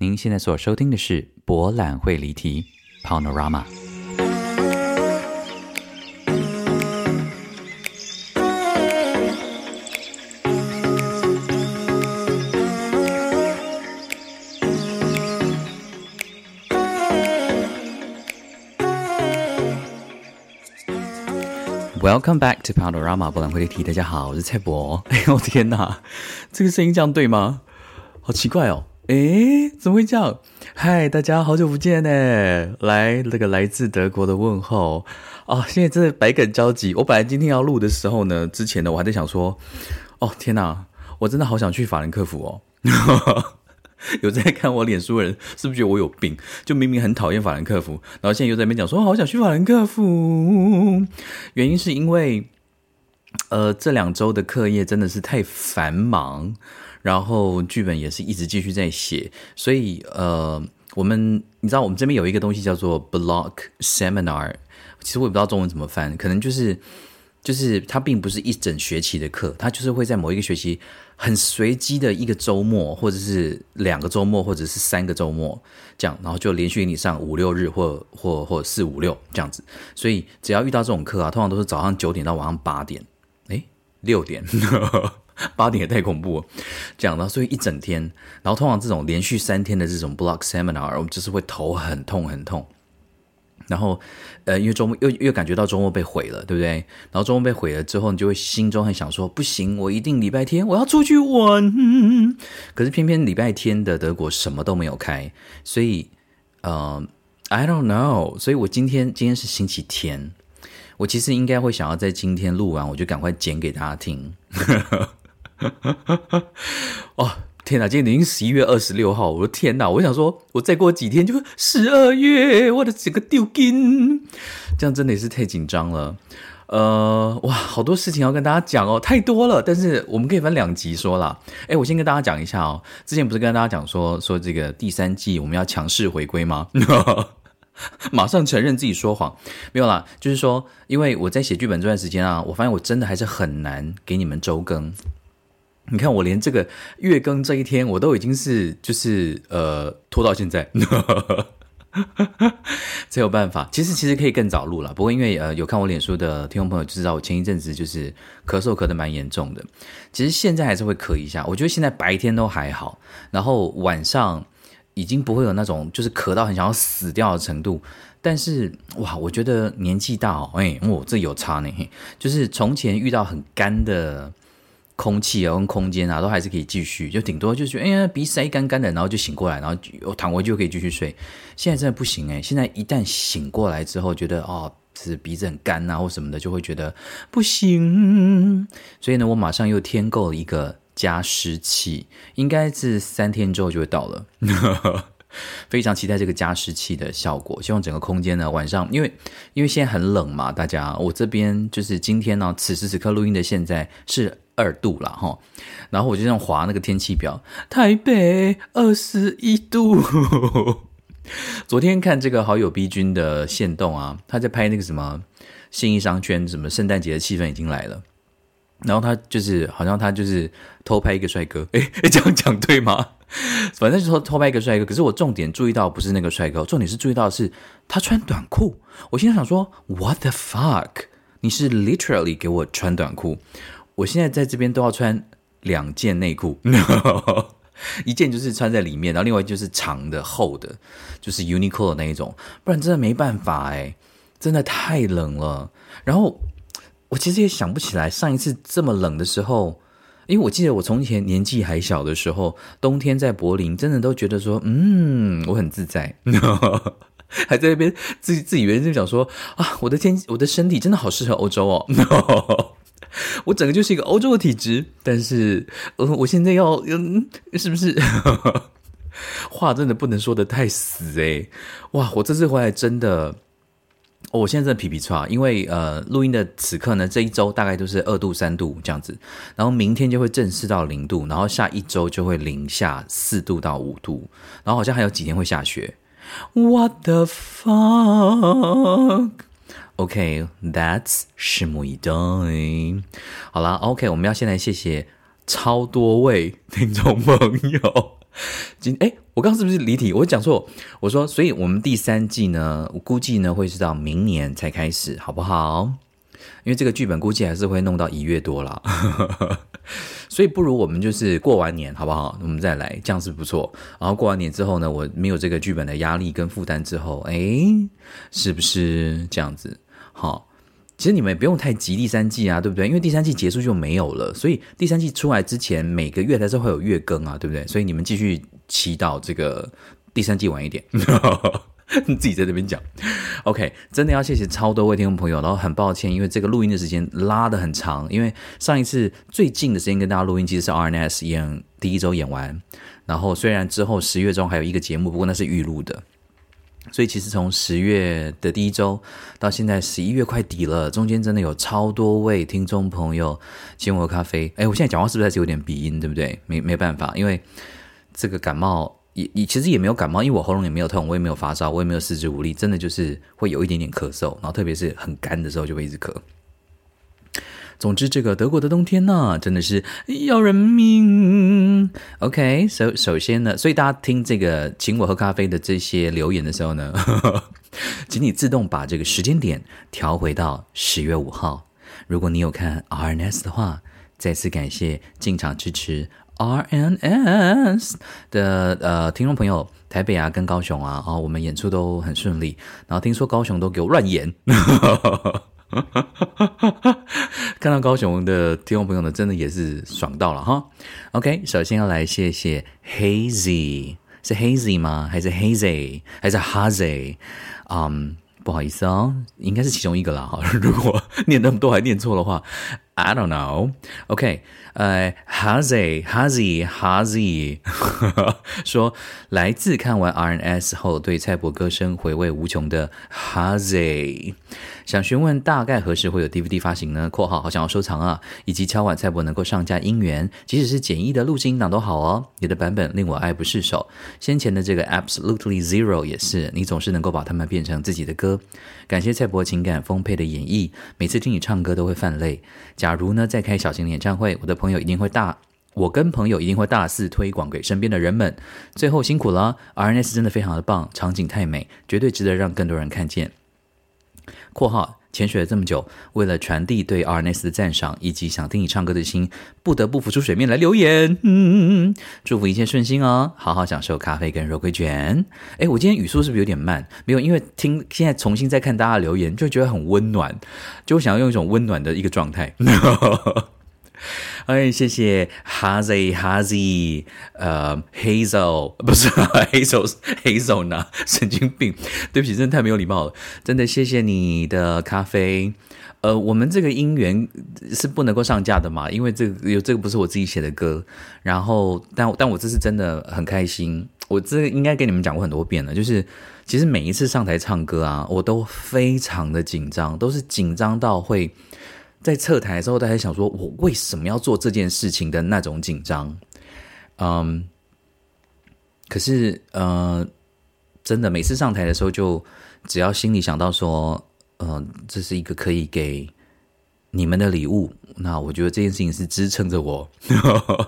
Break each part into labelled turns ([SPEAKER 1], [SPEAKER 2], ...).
[SPEAKER 1] 您現在所收聽的是《柏覽會離題》（Panorama）。Welcome back to Panorama，柏覽會離題。大家好，我是蔡博。 哎呦，我的天哪，這個聲音這樣對嗎？好奇怪哦。誒，怎麼會這樣？嗨，大家好久不見呢！來，那、這個來自德國的問候啊、哦，現在真的百感交集。我本來今天要錄的時候呢，之前呢，我還在想說，哦天哪，我真的好想去法蘭克福哦。 有在看我臉書的人，是不是覺得我有病？就明明很討厭法蘭克福，然後現在又在那邊講說好、哦、想去法蘭克福，原因是因為，呃，這兩周的課業真的是太繁忙。然後劇本也是一直繼續在寫，所以呃，我們你知道我們這邊有一個東西叫做 block seminar，其實我也不知道中文怎麼翻，可能就是就是它並不是一整學期的課，它就是會在某一個學期很隨機的一個周末，或者是兩個周末，或者是三個周末這樣，然後就連續給你上五六日或或或四五六這樣子。所以只要遇到這種課啊，通常都是早上九點到晚上八點，誒，六點。 八點也太恐怖了，講到所以一整天，然後通常這種連續三天的這種 block seminar，我們就是會頭很痛很痛，然後呃，因為周末又又感覺到周末被毀了，對不對？然後周末被毀了之後，你就會心中很想說：不行，我一定禮拜天我要出去玩。可是偏偏禮拜天的德國什麼都沒有開，所以呃，I don't know。所以我今天今天是星期天，我其實應該會想要在今天錄完，我就趕快剪給大家聽。 哈， 哦，天哪！今天已經十一月二十六號，我的天哪！我想說，我再過幾天就十二月，我的整個丟金，這樣真的也是太緊張了。呃，哇，好多事情要跟大家講哦，太多了。但是我們可以分兩集說啦。哎，我先跟大家講一下哦，之前不是跟大家講說說這個第三季我們要強勢回歸嗎？ 馬上承認自己說謊，沒有啦，就是說，因為我在寫劇本這段時間啊，我發現我真的還是很難給你們周更。你看，我連這個月更這一天，我都已經是就是呃拖到現在 才有辦法。其實其實可以更早錄了，不過因為呃有看我臉書的聽眾朋友就知道，我前一陣子就是咳嗽咳得蠻嚴重的。其實現在還是會咳一下，我覺得現在白天都還好，然後晚上已經不會有那種就是咳到很想要死掉的程度。但是哇，我覺得年紀大哦，哎，我這有差呢，就是從前遇到很乾的空氣啊，跟空間啊，都還是可以繼續，就頂多就是哎呀，鼻塞乾乾的，然後就醒過來，然後躺回去就可以繼續睡。現在真的不行哎，現在一旦醒過來之後，覺得哦，是鼻子很乾吶、啊、或什麼的，就會覺得不行。所以呢，我馬上又添購了一個加濕器，應該是三天之後就會到了。 非常期待這個加濕器的效果，希望整個空間呢，晚上，因為因為現在很冷嘛，大家我這邊就是今天呢、啊，此時此刻錄音的現在是二度啦齁，然後我就這樣劃那個天氣表，台北二十一度。 昨天看這個好友 B 君的限動啊，他在拍那個什麼信義商圈，什麼聖誕節的氣氛已經來了，然後他就是好像他就是偷拍一個帥哥，誒誒，這樣講對嗎？反正就是偷拍一個帥哥。可是我重點注意到不是那個帥哥，重點是注意到是他穿短褲。我現在想說，What the fuck？你是 literally 給我穿短褲？我現在在這邊都要穿兩件內褲，no! 一件就是穿在裡面，然後另外一件就是長的厚的，就是 Uniqlo 的那一種，不然真的沒辦法誒真的太冷了。然後我其實也想不起來上一次這麼冷的時候。因為我記得我從前年紀還小的時候，冬天在柏林，真的都覺得說，嗯，我很自在， 還在那邊自己自以為在講說啊，我的天，我的身體真的好適合歐洲哦， 我整個就是一個歐洲的體質。但是，呃，我現在要，呃，是不是？ 話真的不能說得太死誒，欸、哇，我這次回來真的。哦、我現在真的皮皮剉，因為呃，錄音的此刻呢，這一周大概都是二度三度這樣子，然後明天就會正式到零度，然後下一周就會零下四度到五度，然後好像還有幾天會下雪。What the fuck？OK，That's、okay, 拭目以待。好啦 o、okay, k 我們要先來謝謝超多位聽眾朋友。今我剛剛是不是離題？我講錯，我說，所以我們第三季呢，我估計呢會是到明年才開始，好不好？因為這個劇本估計還是會弄到一月多了， 所以不如我們就是過完年，好不好？我們再來，這樣是不錯。然後過完年之後呢，我沒有這個劇本的壓力跟負擔之後，哎，是不是這樣子？好，其實你們也不用太急第三季啊，對不對？因為第三季結束就沒有了，所以第三季出來之前每個月還是會有月更啊，對不對？所以你們繼續。祈禱這個第三季晚一點， 你自己在這邊講。OK，真的要謝謝超多位聽眾朋友，然後很抱歉，因為這個錄音的時間拉得很長，因為上一次最近的時間跟大家錄音其實是 RNS 演第一周演完，然後雖然之後十月中還有一個節目，不過那是預錄的，所以其實從十月的第一周到現在十一月快底了，中間真的有超多位聽眾朋友請我喝咖啡。哎，我現在講話是不是還是有點鼻音，對不對？沒沒辦法，因為。這個感冒也也其實也沒有感冒，因為我喉嚨也沒有痛，我也沒有發燒，我也沒有四肢無力，真的就是會有一點點咳嗽，然後特別是很乾的時候就會一直咳。總之，這個德國的冬天呢、啊，真的是要人命。OK，首、so, 首先呢，所以大家聽這個請我喝咖啡的這些留言的時候呢，請 你自動把這個時間點調回到十月五號。如果你有看 RNS 的話，再次感謝進場支持。RNS 的呃聽眾朋友，台北啊跟高雄啊，啊、哦、我們演出都很順利。然後聽說高雄都給我亂演， 看到高雄的聽眾朋友呢，真的也是爽到了哈。OK，首先要來謝謝 Hazy，是 Hazy 嗎？還是 Hazy？還是 Hazy 嗯、um，不好意思哦，應該是其中一個了哈。 如果念那麼多還念錯的話，I don't know。OK。哎，Hazy，Hazy，Hazy，說來自看完 RNS 後對蔡伯歌聲回味無窮的 Hazy，想詢問大概何時會有 DVD 發行呢？（括號好想要收藏啊！）以及敲碗蔡伯能夠上架音源，即使是簡易的錄製音檔都好哦。你的版本令我愛不釋手，先前的這個 Absolutely Zero 也是，你總是能夠把他們變成自己的歌。感謝蔡伯情感豐沛的演繹，每次聽你唱歌都會泛淚。假如呢再開小型的演唱會，我的朋友朋友一定會大，我跟朋友一定會大肆推廣給身邊的人們。最後辛苦了，RNS 真的非常的棒，場景太美，絕對值得讓更多人看見。（括號）潛水了這麼久，為了傳遞對 RNS 的讚賞以及想聽你唱歌的心，不得不浮出水面來留言。嗯嗯嗯，祝福一切順心哦，好好享受咖啡跟肉桂卷。哎，我今天語速是不是有點慢？沒有，因為聽現在重新再看大家的留言，就覺得很溫暖，就想要用一種溫暖的一個狀態。 哎，謝謝 Haze，Haze，呃，Hazel 不是 Hazel Hazel 呢？ Hazel, Hazel na, 神經病！對不起，真的太沒有禮貌了。真的謝謝你的咖啡。呃，我們這個音源是不能夠上架的嘛，因為這個這個不是我自己寫的歌。然後，但但我這次真的很開心。我這應該跟你們講過很多遍了，就是其實每一次上台唱歌啊，我都非常的緊張，都是緊張到會。在側台的時候，大家想說，我為什麼要做這件事情的那種緊張，嗯、um，可是，呃，真的每次上台的時候，就只要心裡想到說，呃，這是一個可以給你們的禮物，那我覺得這件事情是支撐着我。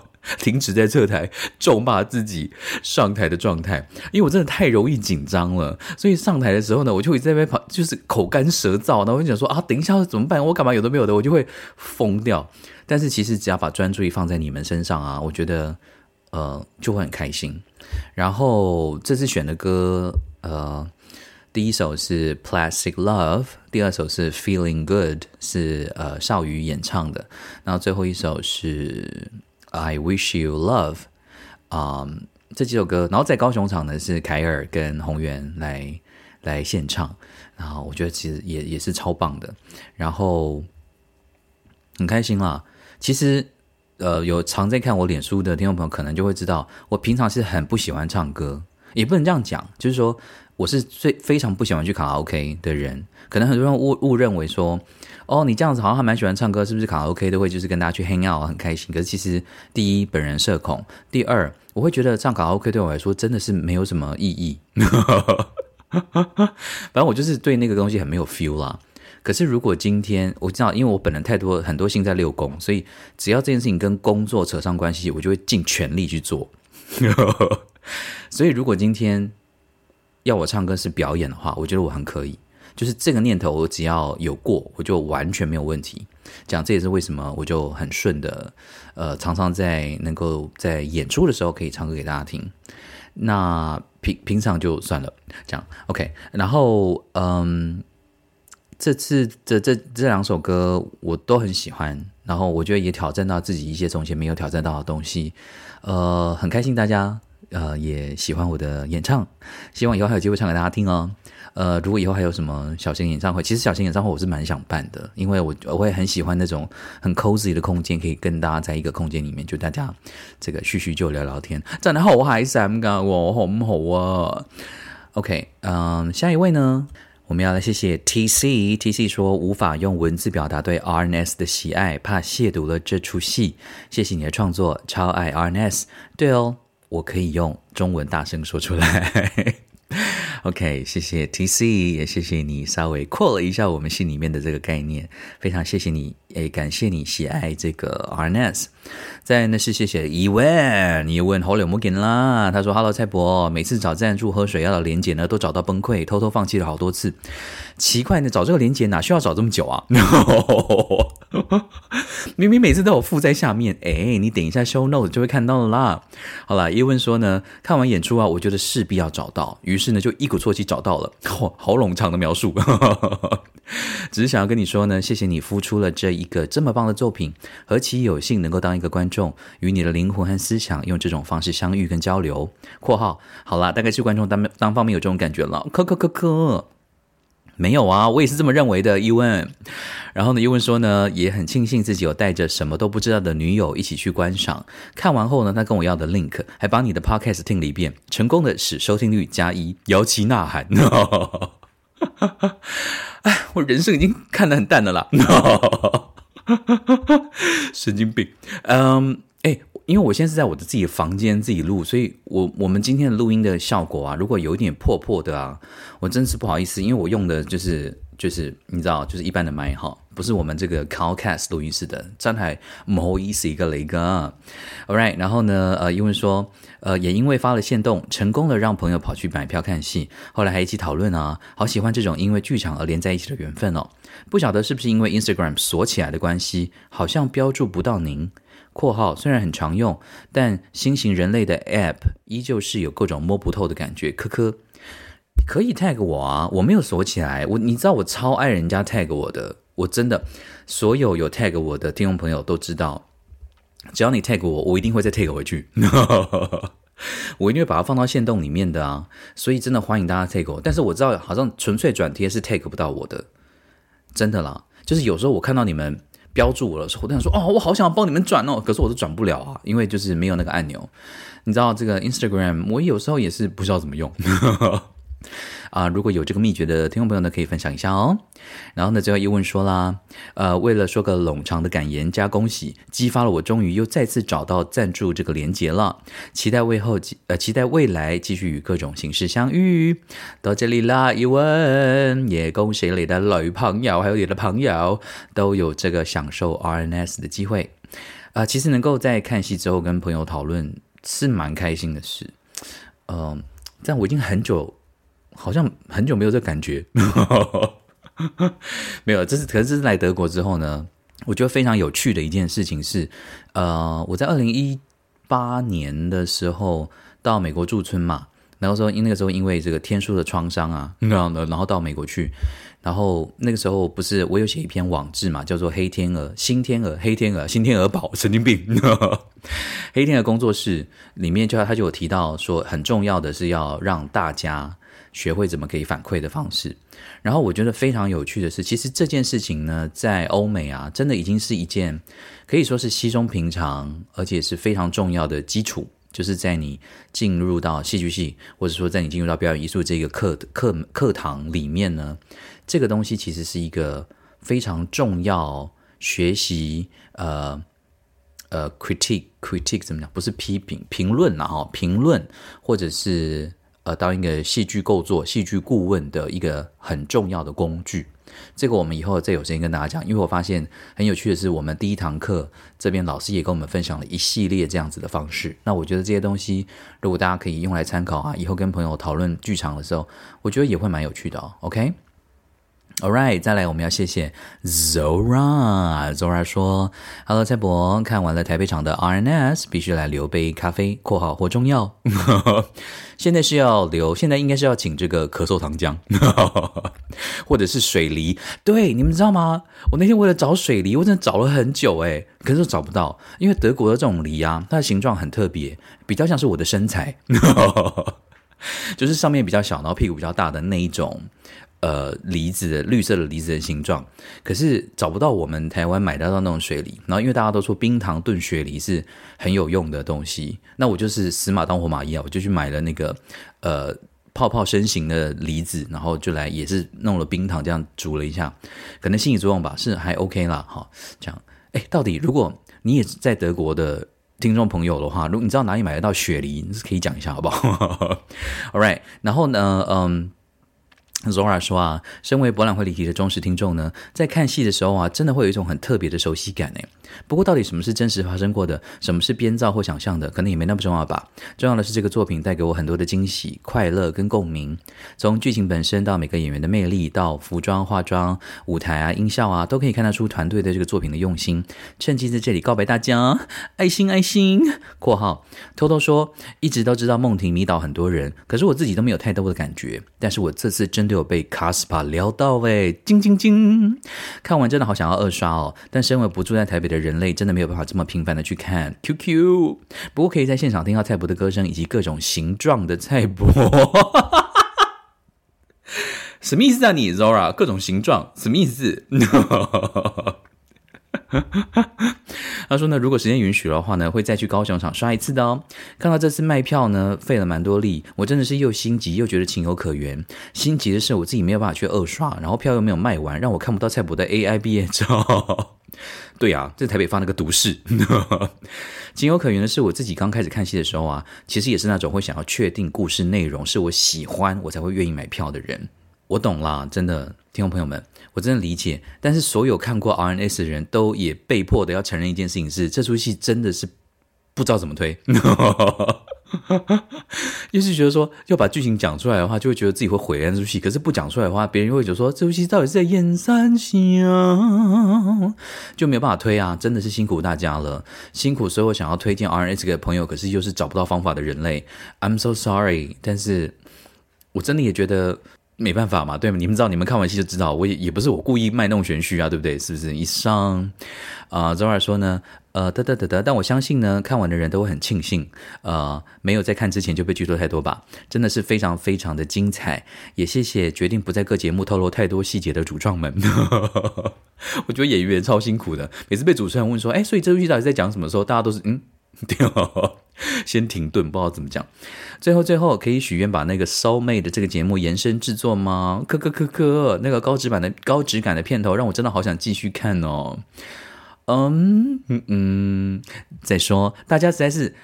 [SPEAKER 1] 停止在側台咒罵自己上台的狀態，因為我真的太容易緊張了，所以上台的時候呢，我就會在那邊跑，就是口乾舌燥。那我就想說啊，等一下怎麼辦？我幹嘛有都沒有的，我就會瘋掉。但是其實只要把專注力放在你們身上啊，我覺得呃就會很開心。然後這次選的歌，呃，第一首是《Plastic Love》，第二首是《Feeling Good》，是呃少宇演唱的。然後最後一首是。I wish you love，啊，um，這幾首歌，然後在高雄場呢是凱爾跟宏源來來獻唱，然後我覺得其實也也是超棒的，然後很開心啦。其實，呃，有常在看我臉書的聽眾朋友可能就會知道，我平常是很不喜歡唱歌，也不能這樣講，就是說。我是最非常不喜歡去卡拉 OK 的人，可能很多人誤誤認為說，哦，你這樣子好像還蠻喜歡唱歌，是不是？卡拉 OK 都會就是跟大家去 hang out 很開心。可是其實，第一，本人社恐；第二，我會覺得唱卡拉 OK 對我來說真的是沒有什麼意義。 反正我就是對那個東西很沒有 feel 啦。可是如果今天我知道，因為我本人太多很多星在六宮，所以只要這件事情跟工作扯上關係，我就會盡全力去做。 所以如果今天。要我唱歌是表演的話，我覺得我很可以，就是這個念頭我只要有過，我就完全沒有問題。講這，這也是為什麼我就很順的，呃，常常在能夠在演出的時候可以唱歌給大家聽。那平平常就算了，這樣 OK。然後嗯，這次這這這兩首歌我都很喜歡，然後我覺得也挑戰到自己一些從前沒有挑戰到的東西，呃，很開心大家呃，也喜歡我的演唱，希望以後還有機會唱給大家聽哦。呃，如果以後還有什麼小型演唱會，其實小型演唱會我是蠻想辦的，因為我我會很喜歡那種很 cozy 的空間，可以跟大家在一個空間裡面，就大家這個敘敘舊、聊聊天，真的好嗨三個我好不好啊。OK，嗯、呃，下一位呢，我們要來謝謝 TC，TC TC 說無法用文字表達對 RNS 的喜愛，怕褻瀆了這出戲，謝謝你的創作，超愛 RNS，對哦。我可以用中文大聲說出來。 OK，謝謝 TC，也謝謝你稍微擴了一下我們戲裡面的這個概念，非常謝謝你。誒、欸，感謝你喜愛這個 RNS。再來呢是謝謝 Ewen, 文，你問 Holy Morgan 啦，他說：“Hello 蔡伯，每次找贊助喝水要的連結呢，都找到崩潰，偷偷放棄了好多次。奇怪呢，找這個連結哪需要找這麼久啊？ 明明每次都有附在下面。誒、欸，你等一下 show notes 就會看到了啦。好啦，伊文說呢，看完演出啊，我覺得勢必要找到，於是呢就一鼓作氣找到了。嚯，好冗長的描述， 只是想要跟你說呢，謝謝你付出了這。”一個這麼棒的作品，何其有幸能夠當一個觀眾，與你的靈魂和思想用這種方式相遇跟交流。括號，好啦，大概是觀眾當單，單方面有這種感覺了。咳咳咳咳，沒有啊，我也是這麼認為的。Ewan，然後呢，Ewan 說呢，也很慶幸自己有帶着什麼都不知道的女友一起去觀賞。看完後呢，他跟我要的 link，還幫你的 podcast 聽了一遍，成功的使收聽率加一，搖旗吶喊。 哈哈，哈，哎，我人生已經看得很淡的了啦，No 神經病。嗯，哎，因為我現在是在我的自己的房間自己錄，所以我我們今天的錄音的效果啊，如果有一點破破的啊，我真是不好意思，因為我用的就是就是你知道，就是一般的麥哈。不是我們這個 Cowcast 錄音室的站台，某意思一個雷哥。All right，然後呢，呃，因為說，呃，也因為發了限動，成功的讓朋友跑去買票看戲，後來還一起討論啊，好喜歡這種因為劇場而連在一起的緣分哦。不曉得是不是因為 Instagram 鎖起來的關係，好像標注不到您。括號雖然很常用，但新型人類的 App 依舊是有各種摸不透的感覺。科科，可以 tag 我啊，我沒有鎖起來，我你知道我超愛人家 tag 我的。我真的，所有有 tag 我的聽眾朋友都知道，只要你 tag 我，我一定會再 tag 回去。 我一定會把它放到限動裡面的啊，所以真的歡迎大家 tag 我。但是我知道，好像純粹轉貼是 tag 不到我的，真的啦。就是有時候我看到你們標注我的時候，我都想說：哦，我好想要幫你們轉哦。可是我都轉不了啊，因為就是沒有那個按鈕。你知道這個 Instagram，我有時候也是不知道怎麼用。 啊、呃，如果有這個秘訣的聽眾朋友呢，可以分享一下哦。然後呢，最後一問說啦，呃，為了說個冗長的感言加恭喜，激發了我，終於又再次找到贊助這個連結了。期待未來，呃，期待未來繼續與各種形式相遇。到這裡啦，一問也恭喜你的老友朋友還有你的朋友都有這個享受 RNS 的機會啊、呃。其實能夠在看戲之後跟朋友討論是蠻開心的事。嗯、呃，但我已經很久。好像很久沒有這個感覺， 沒有，這是可是這是來德國之後呢，我覺得非常有趣的一件事情是，呃，我在二零一八年的時候到美國駐村嘛，然後說因那個時候因為這個天書的創傷啊然，然後到美國去，然後那個時候不是我有寫一篇網誌嘛，叫做黑《黑天鵝》《新天鵝》《黑天鵝》《新天鵝堡》，神經病， 《黑天鵝》工作室裡面就他，他就有提到說，很重要的是要讓大家。學會怎麼給予反饋的方式，然後我覺得非常有趣的是，其實這件事情呢，在歐美啊，真的已經是一件可以說是稀鬆平常，而且是非常重要的基礎。就是在你進入到戲劇系，或者說在你進入到表演藝術這個課課課堂裡面呢，這個東西其實是一個非常重要學習，呃呃 critique critique 怎麼講？不是批評評論了哈，評論、哦、評論或者是。當一個戲劇構作、戲劇顧問的一個很重要的工具，這個我們以後再有時間跟大家講。因為我發現很有趣的是，我們第一堂課這邊老師也跟我們分享了一系列這樣子的方式。那我覺得這些東西，如果大家可以用來參考啊，以後跟朋友討論劇場的時候，我覺得也會蠻有趣的哦。OK。Alright，再來，我們要謝謝 Zora。Zora 說：“Hello，蔡伯，看完了台北場的 RNS，必須來留杯咖啡。”（括號或中藥） 現在是要留，現在應該是要請這個咳嗽糖漿， 或者是水梨。對，你們知道嗎？我那天為了找水梨，我真的找了很久哎、欸，可是我找不到，因為德國的這種梨啊，它的形狀很特別，比較像是我的身材， 就是上面比較小，然後屁股比較大的那一種。呃，梨子的綠色的梨子的形狀，可是找不到我們台灣買得到那種雪梨。然後因為大家都說冰糖燉雪梨是很有用的東西，那我就是死馬當活馬醫啊，我就去買了那個呃泡泡身形的梨子，然後就來也是弄了冰糖這樣煮了一下，可能心理作用吧，是還 OK 啦。好，這樣，誒，到底如果你也是在德國的聽眾朋友的話，如果你知道哪裡買得到雪梨，可以講一下好不好 ？All right，然後呢，嗯。Zora 說啊，身為柏覽會離題的忠實聽眾呢，在看戲的時候啊，真的會有一種很特別的熟悉感呢。不過，到底什麼是真實發生過的，什麼是編造或想象的，可能也沒那麼重要吧。重要的是這個作品帶給我很多的驚喜、快樂跟共鳴。從劇情本身到每個演員的魅力，到服裝、化妝、舞台啊、音效啊，都可以看得出團隊對這個作品的用心。趁機在這裡告白大家，愛心愛心。括號偷偷說，一直都知道夢婷迷倒很多人，可是我自己都沒有太多的感覺。但是我這次真的有被卡斯帕撩到哎、欸，晶晶晶，看完真的好想要二刷哦。但身為不住在台北的人。人類真的沒有辦法這麼頻繁的去看 QQ。不過可以在現場聽到蔡博的歌聲以及各種形狀的蔡博， 什麼意思啊你 Zora？各種形狀什麼意思？No. 他說呢，如果時間允許的話呢，會再去高雄場刷一次的哦。看到這次賣票呢，費了蠻多力，我真的是又心急又覺得情有可原。心急的是我自己沒有辦法去二刷，然後票又沒有賣完，讓我看不到蔡博的 AI 畢業照。 對呀、啊，這台北發那個毒誓。情 有可原的是，我自己剛開始看戲的時候啊，其實也是那種會想要確定故事內容是我喜歡，我才會願意買票的人。我懂啦，真的，聽眾朋友們，我真的理解。但是所有看過 RNS 的人都也被迫的要承認一件事情是，這出戲真的是不知道怎麼推。 哈哈， 又是覺得說要把劇情講出來的話，就會覺得自己會毀那出戲；可是不講出來的話，別人又會覺得說這部戲到底是在演三小啊，就沒有辦法推啊！真的是辛苦大家了，辛苦！所以我想要推薦 RNS 給朋友，可是又是找不到方法的人類，I'm so sorry。但是我真的也覺得。沒辦法嘛，對你們知道，你們看完戲就知道，我也也不是我故意賣弄玄虛啊，對不對？是不是？以上啊，總、呃、而說呢，呃，得得得得，但我相信呢，看完的人都很慶幸，呃，沒有在看之前就被劇透太多吧？真的是非常非常的精彩，也謝謝決定不在各節目透露太多細節的主創們。 我覺得演員超辛苦的，每次被主持人問說，哎，所以這部劇到底在講什麼時候，大家都是，嗯。掉， 先停頓，不知道怎麼講。最後最後，可以許願把那個 Soulmate 的這個節目延伸製作嗎？科科科科，那個高質感的高質感的片頭，讓我真的好想繼續看哦。嗯嗯嗯，再說，大家實在是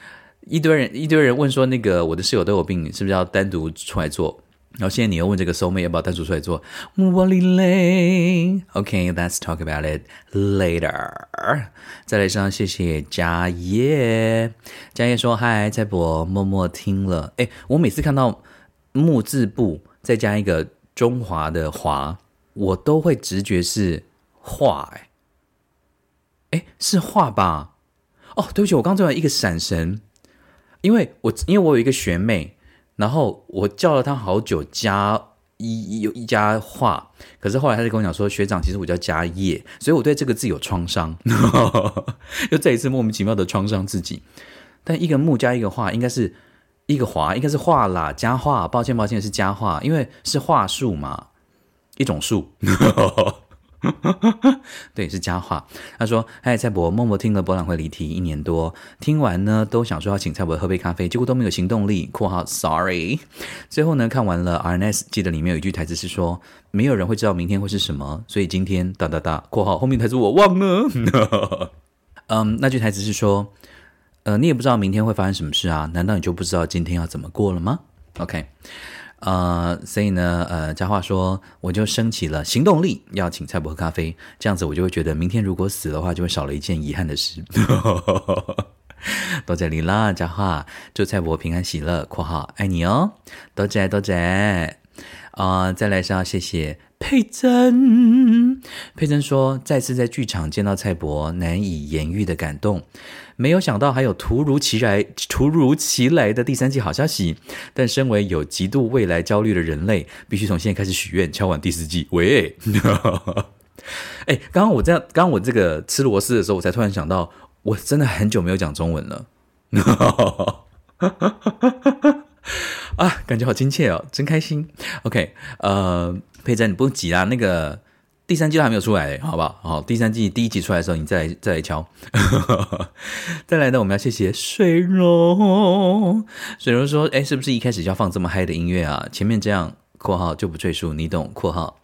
[SPEAKER 1] 一堆人一堆人問說，那個我的室友都有病，是不是要單獨出來做？然後、哦、現在你又問這個 “soulmate” 要不要單獨出來做？我嘞嘞，OK，Let's、okay, talk about it later。再來一聲謝謝佳葉，佳葉說嗨，i 蔡柏默默聽了。”誒，我每次看到木字部再加一個中華的“華”，我都會直覺是畫誒。誒，是畫吧？哦，對不起，我剛做完一個閃神，因為我因為我有一個學妹。然後我叫了他好久，加一有一家畫，可是後來他就跟我講說，學長其實我叫家業，所以我對這個字有創傷，又 再一次莫名其妙的創傷自己。但一個木加一個畫，應該是一個華，應該是畫啦，家畫，抱歉抱歉是家畫，因為是畫樹嘛，一種樹。 對，是佳話。他說：“嗨、Hey，蔡博，默默聽了博覽會離題一年多，聽完呢都想說要請蔡博喝杯咖啡，結果都沒有行動力。”（括號 Sorry） 最後呢，看完了 RNS，記得裡面有一句台詞是說：“沒有人會知道明天會是什麼。”所以今天噠噠噠（括號後面台詞我忘了。） Um, 那句台詞是說：“呃，你也不知道明天會發生什麼事啊？難道你就不知道今天要怎麼過了嗎？”OK。呃，所以呢，呃，佳樺說，我就升起了行動力，要請蔡柏喝咖啡，這樣子我就會覺得，明天如果死的話，就會少了一件遺憾的事。 多謝你啦，佳樺，祝蔡柏平安喜樂。括號，愛你哦，多謝多謝，啊、呃，再來上，謝謝。佩珍，佩珍說：“再次在劇場見到蔡伯，難以言喻的感動。沒有想到還有突如其來、突如其來的第三季好消息。但身為有極度未來焦慮的人類，必須從現在開始許願，敲碗第四季。”喂，哎、 欸，剛剛我在剛剛我這個吃螺絲的時候，我才突然想到，我真的很久沒有講中文了。 啊，感覺好親切哦，真開心。OK，呃，佩珍，你不用急啊，那個第三季都還沒有出來，好不好？好，好第三季第一集出來的時候，你再再來敲。 再來呢，我們要謝謝水溶。水溶說：“誒，是不是一開始就要放這麼嗨的音樂啊？前面這樣（括號）就不贅述，你懂（括號）。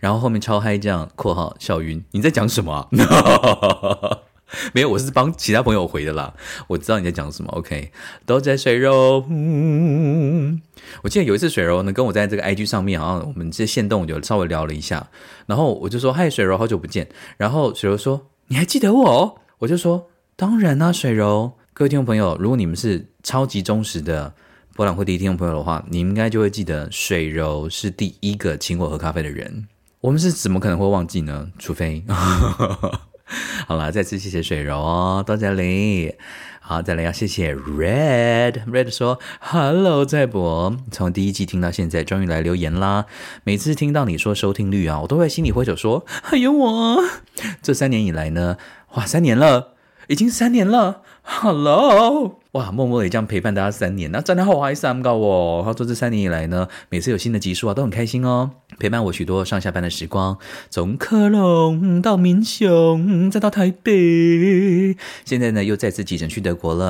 [SPEAKER 1] 然後後面超嗨這樣（括號），笑暈。你在講什麼啊？” 沒有，我是幫其他朋友回的啦。我知道你在講什麼，OK？都在水柔、嗯，我記得有一次水柔呢跟我在這個 IG 上面啊，好像我們這些限動就稍微聊了一下，然後我就說嗨，水柔，好久不見。然後水柔說你還記得我？我就說當然啦、啊，水柔。各位聽眾朋友，如果你們是超級忠實的柏覽會第一聽眾朋友的話，你應該就會記得水柔是第一個請我喝咖啡的人。我們是怎麼可能會忘記呢？除非。 好了，再次謝謝水柔哦，到這裡。好，再來要謝謝 Red，Red Red 說，Hello，在博，從第一季聽到現在，終於來留言啦。每次聽到你說收聽率啊，我都會心裡揮手說還有、哎、我。這三年以來呢，哇，三年了，已經三年了。Hello，哇，默默也這樣陪伴大家三年，那真的好不三個哦啊，這啊好我，我好這三年以來呢，每次有新的集數啊，都很開心哦。陪伴我許多上下班的時光，從科隆到民雄，再到台北，現在呢又再次啟程去德國了，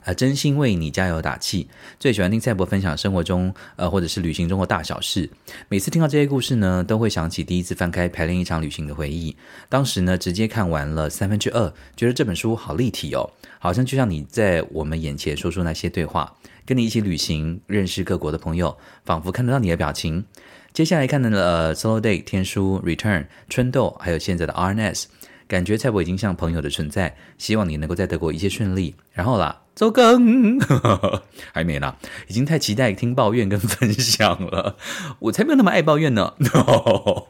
[SPEAKER 1] 啊、呃，真心為你加油打氣。最喜歡聽賽博分享生活中，呃或者是旅行中的大小事。每次聽到這些故事呢，都會想起第一次翻開排練一場旅行的回憶。當時呢，直接看完了三分之二，3, 覺得這本書好立體哦，好像就像你在我們眼前說出那些對話，跟你一起旅行認識各國的朋友，仿佛看得到你的表情。接下來看到呃 Solo Day、天書、Return、春豆，還有現在的 RNS，感覺菜柏已經像朋友的存在。希望你能夠在德國一切順利。然後啦，周更 還沒啦，已經太期待聽抱怨跟分享了。我才沒有那麼愛抱怨呢，no!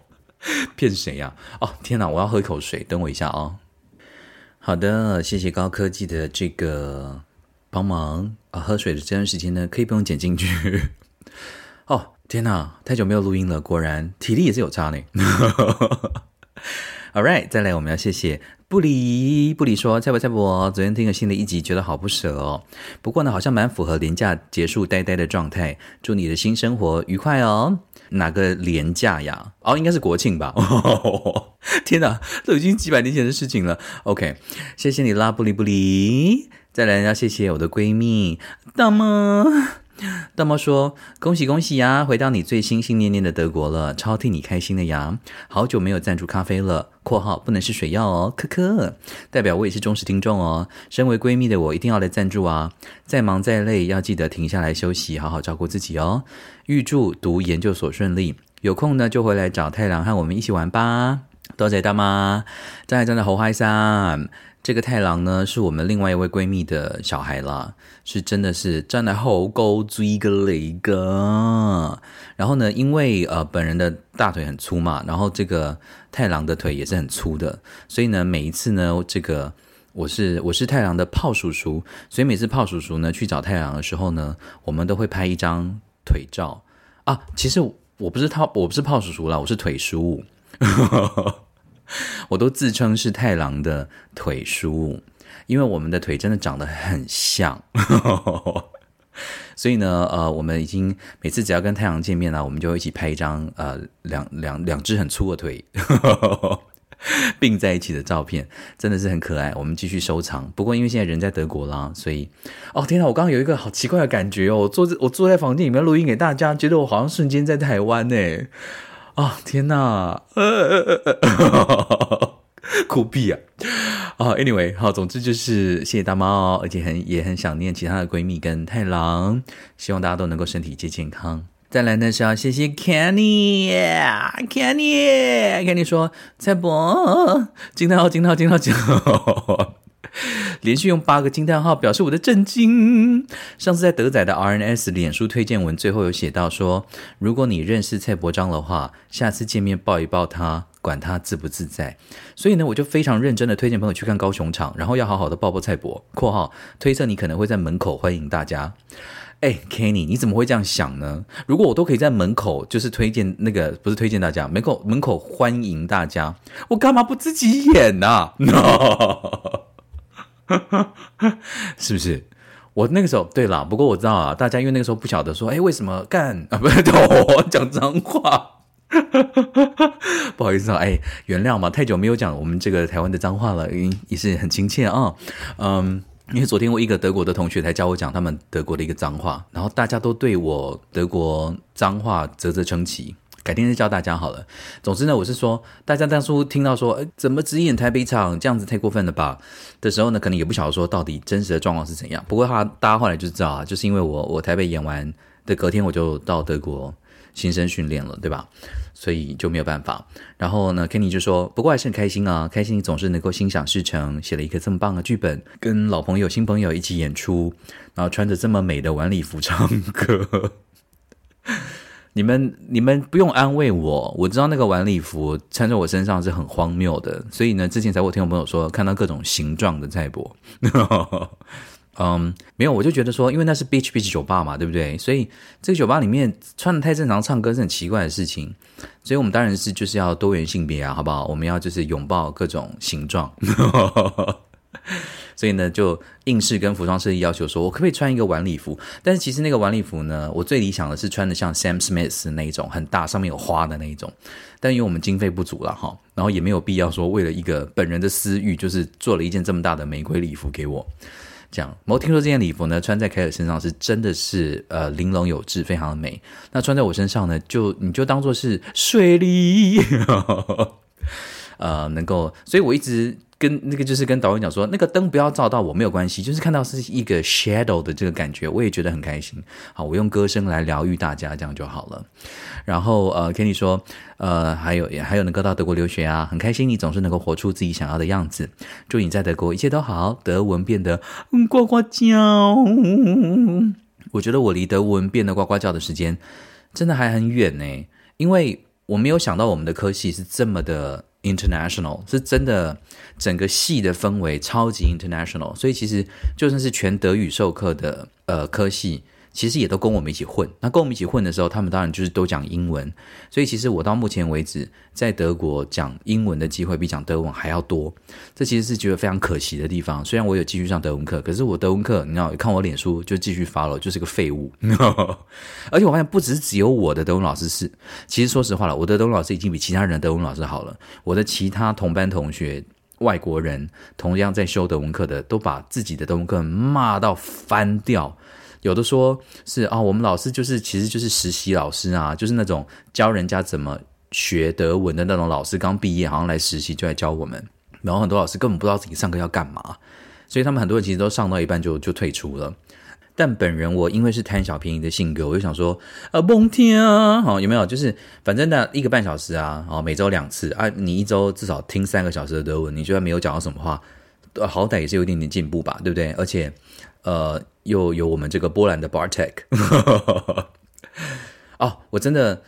[SPEAKER 1] 騙誰呀、啊？哦，天哪，我要喝一口水，等我一下哦。好的，謝謝高科技的這個幫忙啊。喝水的這段時間呢，可以不用剪進去。天哪，太久沒有錄音了，果然體力也是有差呢。 All right，再來我們要謝謝布里布里說在不在不？昨天聽了新的一集，覺得好不捨哦。不過呢，好像蠻符合連假結束呆呆的狀態。祝你的新生活愉快哦。哪個連假呀？哦，應該是國慶吧。 天哪，都已經幾百年前的事情了。OK，謝謝你啦，布里布里。再來要謝謝我的閨蜜大貓。大媽說：“恭喜恭喜呀，回到你最心心念念的德國了，超替你開心的呀！好久沒有贊助咖啡了，括號不能是水藥哦，可可。代表我也是忠實聽眾哦。身為閨蜜的我一定要來贊助啊！再忙再累，要記得停下來休息，好好照顧自己哦。預祝讀研究所順利，有空呢就回來找太郎和我們一起玩吧。多謝大媽，再再再吼嗨撒。這個太郎呢，是我們另外一位閨蜜的小孩啦，是真的是站在後勾追個雷哥，然後呢，因為呃本人的大腿很粗嘛，然後這個太郎的腿也是很粗的，所以呢每一次呢，這個我是我是太郎的炮叔叔，所以每次炮叔叔呢去找太郎的時候呢，我們都會拍一張腿照啊。其實我不是炮我不是炮叔叔啦，我是腿叔。 我都自稱是太郎的腿叔，因為我們的腿真的長得很像， 所以呢，呃，我們已經每次只要跟太郎見面了，我們就一起拍一張呃兩兩兩隻很粗的腿 並在一起的照片，真的是很可愛。我們繼續收藏。不過因為現在人在德國啦，所以哦，天哪，我剛剛有一個好奇怪的感覺哦，我坐我坐在房間裡面錄音給大家，覺得我好像瞬間在台灣欸。哦天哪，苦、呃、逼、呃呃、 啊！啊、uh,，Anyway，好、哦，總之就是謝謝大貓哦，而且很也很想念其他的閨蜜跟太郎，希望大家都能夠身體健健康。再來呢是要謝謝 Candy，Candy，Candy 說蔡伯，勁到勁到勁到勁到。連續用八個驚嘆號表示我的震驚。上次在德仔的 RNS 臉書推薦文最後有寫到說，如果你認識蔡柏璋的話，下次見面抱一抱他，管他自不自在。所以呢，我就非常認真的推薦朋友去看高雄場，然後要好好的抱抱蔡柏。（括號推測你可能會在門口歡迎大家。誒）哎，Kenny，你怎麼會這樣想呢？如果我都可以在門口就是推薦那個，不是推薦大家，門口門口歡迎大家，我干嘛不自己演呢、啊？No! 是不是？我那個時候對啦。不過我知道啊，大家因為那個時候不曉得說，哎，為什麼幹啊？不是對我講髒話， 不好意思啊，哎，原諒嘛，太久沒有講我們這個台灣的髒話了，已經也是很親切啊。嗯，因為昨天我一個德國的同學才教我講他們德國的一個髒話，然後大家都對我德國髒話嘖嘖稱奇。改天再教大家好了。總之呢，我是說，大家當初聽到說，哎，怎麼只演台北場，這樣子太過分了吧？的時候呢，可能也不曉得說到底真實的狀況是怎樣。不過話大家後來就知道啊，就是因為我我台北演完的隔天我就到德國新生訓練了，對吧？所以就沒有辦法。然後呢，Kenny 就說，不過還是很開心啊，開心你總是能夠心想事成，寫了一個這麼棒的劇本，跟老朋友、新朋友一起演出，然後穿着這麼美的晚禮服唱歌。你們你們不用安慰我，我知道那個晚禮服穿在我身上是很荒謬的，所以呢，之前才我聽我朋友說看到各種形狀的菜博，嗯、 um,，沒有，我就覺得說，因為那是 beach beach 酒吧嘛，對不對？所以這個酒吧裡面穿得太正常，唱歌是很奇怪的事情，所以我們當然是就是要多元性別啊，好不好？我們要就是擁抱各種形狀。 所以呢，就硬是跟服裝設計要求說，我可不可以穿一個晚禮服？但是其實那個晚禮服呢，我最理想的是穿得像 Sam Smith 那一種，很大，上面有花的那一種。但因為我們經費不足了哈，然後也沒有必要說為了一個本人的私欲，就是做了一件這麼大的玫瑰禮服給我。這樣，我聽說這件禮服呢，穿在凱爾身上是真的是呃玲瓏有致，非常的美。那穿在我身上呢，就你就當做是睡衣， 呃，能夠，所以我一直。跟那個就是跟導演講說，那個燈不要照到我，沒有關係，就是看到是一個 shadow 的這個感覺，我也覺得很開心。好，我用歌聲來療癒大家，這樣就好了。然後呃，Kenny 說，呃，還有也還有能夠到德國留學啊，很開心，你總是能夠活出自己想要的樣子。祝你在德國一切都好，德文變得嗯，呱呱叫。我覺得我離德文變得呱呱叫的時間真的還很遠呢、欸，因為我沒有想到我們的科系是這麼的 international，是真的。整個系的氛圍超級 international，所以其實就算是全德語授課的呃科系，其實也都跟我們一起混。那跟我們一起混的時候，他們當然就是都講英文。所以其實我到目前為止，在德國講英文的機會比講德文還要多。這其實是覺得非常可惜的地方。雖然我有繼續上德文課，可是我德文課，你要看我臉書就繼續發了，就是個廢物。No。而且我發現，不只是只有我的德文老師是，其實說實話了，我的德文老師已經比其他人的德文老師好了。我的其他同班同學。外國人同樣在修德文課的，都把自己的德文課罵到翻掉。有的說是啊，哦，我們老師就是其實就是實習老師啊，就是那種教人家怎麼學德文的那種老師，剛畢業好像來實習就來教我們，然後很多老師根本不知道自己上課要幹嘛，所以他們很多人其實都上到一半就就退出了。但本人我因為是貪小便宜的性格，我就想說，呃、啊，甭天啊，好、哦、有沒有？就是反正那一個半小時啊，好、哦、每周兩次啊，你一周至少聽三個小時的德文，你就算沒有講到什麼話，好歹也是有一點點進步吧，對不對？而且，呃，又有我們這個波蘭的 Bartek， 哦，我真的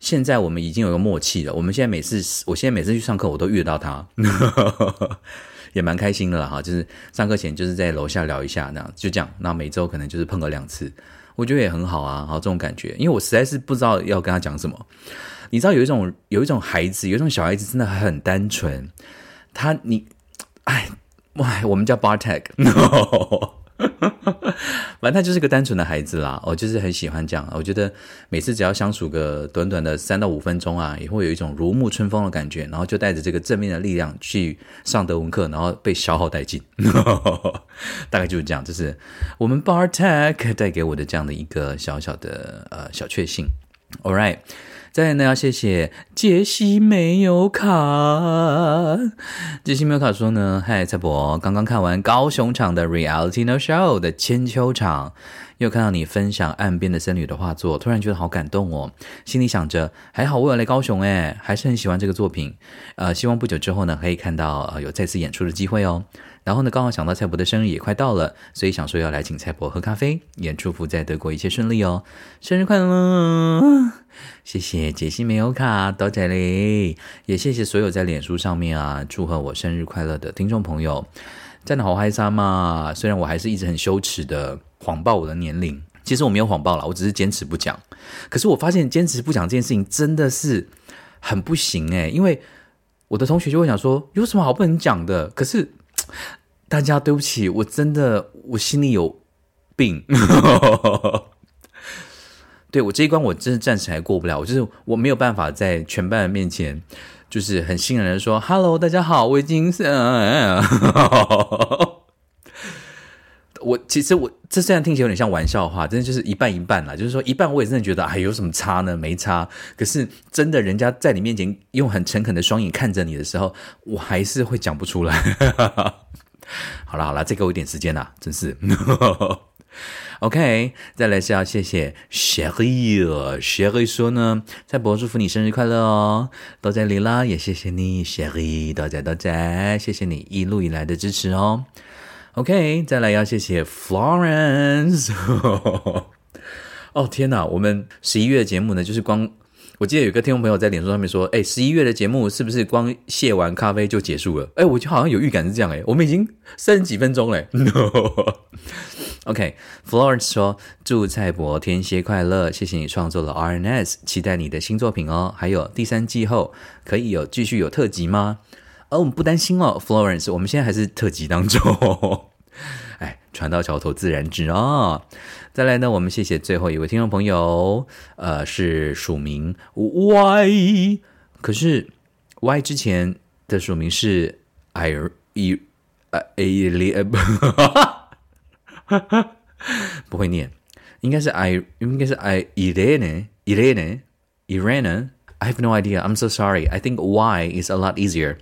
[SPEAKER 1] 現在我們已經有個默契了。我們現在每次，我現在每次去上課，我都遇得到他。 也蠻開心的啦哈，就是上課前就是在樓下聊一下，那樣就這樣。那每周可能就是碰個兩次，我覺得也很好啊。好，這種感覺，因為我實在是不知道要跟他講什麼。你知道有一種有一種孩子，有一種小孩子真的很單純。他，你，哎，哇，我們叫 Bartek、no。 反正他就是個單純的孩子啦，我就是很喜歡這樣。我覺得每次只要相處個短短的三到五分鐘啊，也會有一種如沐春風的感覺。然後就帶着這個正面的力量去上德文課，然後被消耗殆盡。 大概就是這樣，就是我們 Bartek 帶給我的這樣的一個小小的呃小確幸。All right。再呢，要謝謝傑西沒有卡。傑西沒有卡說呢，嗨，蔡柏，剛剛看完高雄場的 Reality No Show 的千秋場。又看到你分享岸邊的僧侶的畫作，突然覺得好感動哦！心裡想着，還好我有來高雄誒，還是很喜歡這個作品。呃，希望不久之後呢，可以看到呃有再次演出的機會哦。然後呢，剛好想到蔡柏的生日也快到了，所以想說要來請蔡柏喝咖啡，也祝福在德國一切順利哦！生日快樂！謝謝杰西梅歐卡，多謝勒，也謝謝所有在臉書上面啊祝賀我生日快樂的聽眾朋友。真的好害羞嘛！雖然我還是一直很羞恥的謊報我的年齡，其實我沒有謊報啦，我只是堅持不講。可是我發現堅持不講這件事情真的是很不行哎、欸，因為我的同學就會想說，有什麼好不能講？的？可是大家對不起，我真的我心裡有病， 對我這一關我真的暫時還過不了，我就是我沒有辦法在全班人面前。就是很信任人說：“Hello，大家好，我已經是…… 我其實我這雖然聽起來有點像玩笑的話，真的就是一半一半啦。就是說一半，我也真的覺得哎，有什麼差呢？沒差。可是真的，人家在你面前用很誠懇的雙眼看着你的時候，我還是會講不出來。 好了好了，再給我一點時間啦，真是。 ” OK，再來是要謝謝 Sherry，Sherry 說呢，在博祝福你生日快樂哦，多謝你啦，也謝謝你，Sherry，多謝多謝，謝謝你一路以來的支持哦。OK，再來要謝謝 Florence， 哦天哪，我們十一月節目呢，就是光，我記得有個聽眾朋友在臉書上面說，哎、欸，十一月的節目是不是光謝完咖啡就結束了？哎、欸，我就好像有預感是這樣哎、欸，我們已經三十幾分鐘嘞，no。 OK，Florence 說：“祝蔡博天蠍快樂，謝謝你創作了 RNS，期待你的新作品哦。還有第三季後可以有繼續有特輯嗎？”哦，我們不擔心哦，Florence，我們現在還是特輯當中。哎，船到橋頭自然直啊！再來呢，我們謝謝最後一位聽眾朋友，呃，是署名 Y，可是 Y 之前的署名是 I E A L。哈哈， 不會念，應該是 I 應該是 I Irene Irene Irene I have no idea I'm so sorry I think w h Y is a lot easier，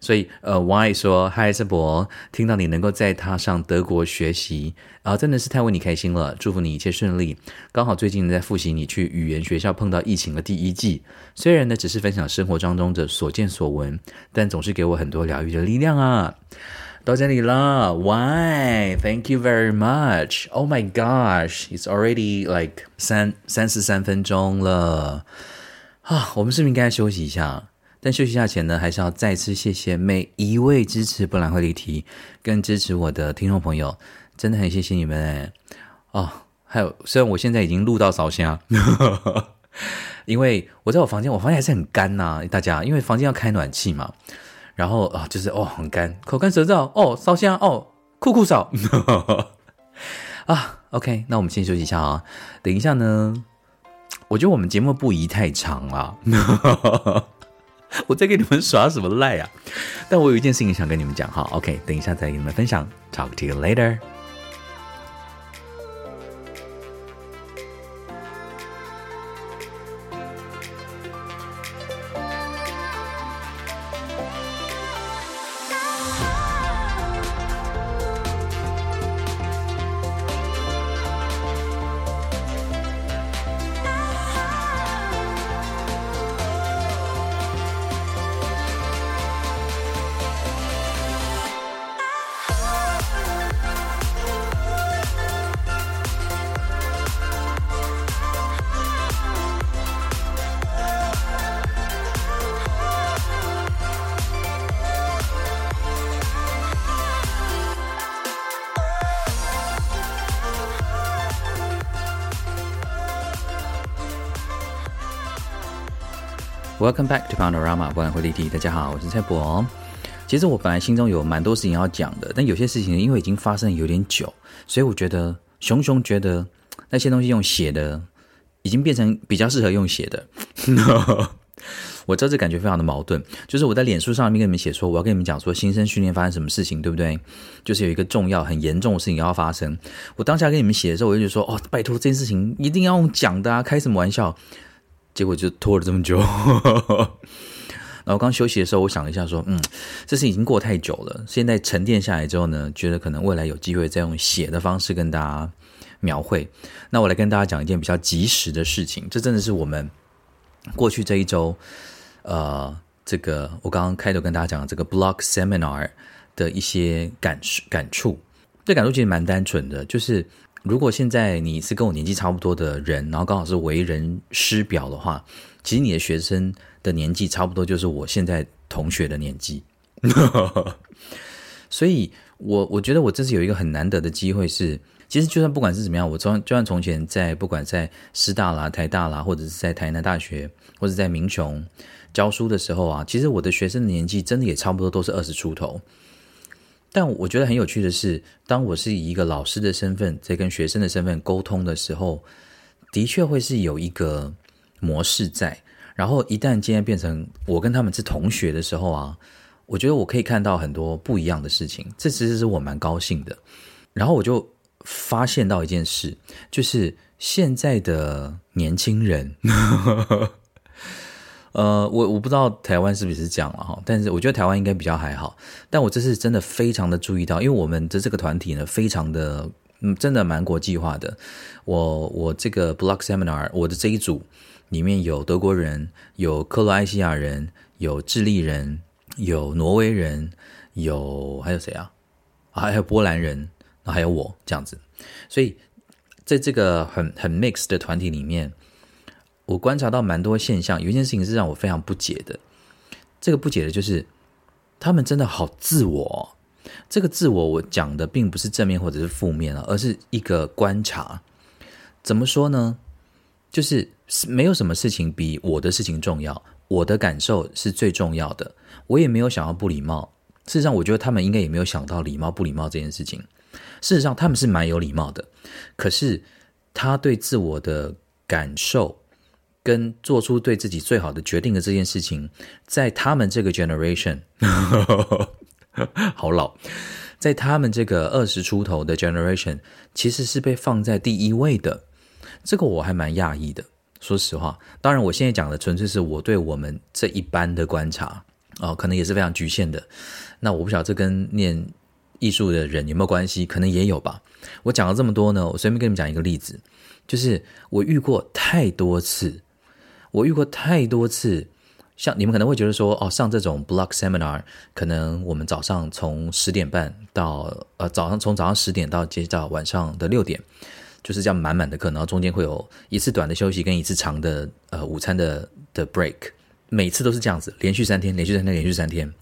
[SPEAKER 1] 所以呃 w h、uh, Y 說嗨，斯伯，聽到你能夠再踏上德國學習啊，真的是太為你開心了，祝福你一切順利。剛好最近在複習，你去語言學校碰到疫情的第一季，雖然呢只是分享生活當中的所見所聞，但總是給我很多療癒的力量啊。到這裡了，Why? Thank you very much. Oh my gosh, it's already like 三三十三分鐘了。啊，我們是不是應該休息一下？但休息一下前呢，還是要再次謝謝每一位支持柏覽會離題跟支持我的聽眾朋友，真的很謝謝你們。哦，還有，雖然我現在已經錄到燒聲， 因為我在我房間，我房間還是很乾吶、啊，大家，因為房間要開暖氣嘛。然後啊、哦，就是哦，很乾，口乾舌燥，哦，燒香，哦，酷酷嗽， 啊，OK，那我們先休息一下啊、哦。等一下呢，我覺得我們節目不宜太長了， 我在跟你們耍什麼賴呀、啊？但我有一件事情想跟你們講哈，OK，等一下再跟你們分享，Talk to you later。Welcome back to Paonorama，歡迎回立體。大家好，我是蔡柏。其實我本來心中有蠻多事情要講的，但有些事情因為已經發生了有點久，所以我覺得熊熊覺得那些東西用寫的已經變成比較適合用寫的。No. 我這次感覺非常的矛盾，就是我在臉書上面跟你們寫說，我要跟你們講說新生訓練發生什麼事情，對不對？就是有一個重要、很嚴重的事情要發生。我當下跟你們寫的時候，我就說，哦，拜託這件事情一定要講的啊，開什麼玩笑？結果就拖了這麼久， 然後剛休息的時候，我想了一下，說，嗯，這事已經過太久了。現在沉澱下來之後呢，覺得可能未來有機會再用寫的方式跟大家描繪。那我來跟大家講一件比較及時的事情，這真的是我們過去這一周，呃，這個我剛剛開頭跟大家講的這個 block seminar 的一些感受感觸。這感觸其實蠻單純的，就是。如果現在你是跟我年紀差不多的人，然後剛好是為人師表的話，其實你的學生的年紀差不多就是我現在同學的年紀。 所以我，我我覺得我這次有一個很難得的機會是，其實就算不管是怎麼樣，我從就算從前在不管是在師大啦、台大啦，或者是在台南大學，或者是在民雄教書的時候啊，其實我的學生的年紀真的也差不多都是二十出頭。但我覺得很有趣的是，當我是以一個老師的身份在跟學生的身份溝通的時候，的確會是有一個模式在。然後一旦今天變成我跟他們是同學的時候啊，我覺得我可以看到很多不一樣的事情，這其實是我蠻高興的。然後我就發現到一件事，就是現在的年輕人。 呃，我我不知道台灣是不是這樣了哈，但是我覺得台灣應該比較還好。但我這次真的非常的注意到，因為我們的這個團體呢，非常的嗯，真的蠻國際化的。我我這個 block seminar，我的這一組裡面有德國人，有克羅埃西亞人，有智利人，有挪威人，有，還有誰啊？還有波蘭人，還有我這樣子。所以在這個很很 mix 的團體裡面。我觀察到蠻多現象，有一件事情是讓我非常不解的。這個不解的就是，他們真的好自我哦。這個自我，我講的並不是正面或者是負面啊，而是一個觀察。怎麼說呢？就是沒有什麼事情比我的事情重要，我的感受是最重要的。我也沒有想要不禮貌。事實上，我覺得他們應該也沒有想到禮貌不禮貌這件事情。事實上，他們是蠻有禮貌的。可是，他對自我的感受。跟做出對自己最好的決定的這件事情，在他們這個 generation， 好老，在他們這個二十出頭的 generation，其實是被放在第一位的。這個我還蠻訝異的，說實話。當然，我現在講的純粹是我對我們這一班的觀察啊、哦，可能也是非常局限的。那我不曉得這跟念藝術的人有沒有關係，可能也有吧。我講了這麼多呢，我隨便跟你們講一個例子，就是我遇過太多次。我遇過太多次，像你們可能會覺得說，哦，上這種 block seminar，可能我們早上從十點半到，呃，早上從早上十點到接到晚上的六點，就是這樣滿滿的課，然後中間會有一次短的休息跟一次長的，呃，午餐的的 break，每次都是這樣子，連續三天，連續三天，連續三天，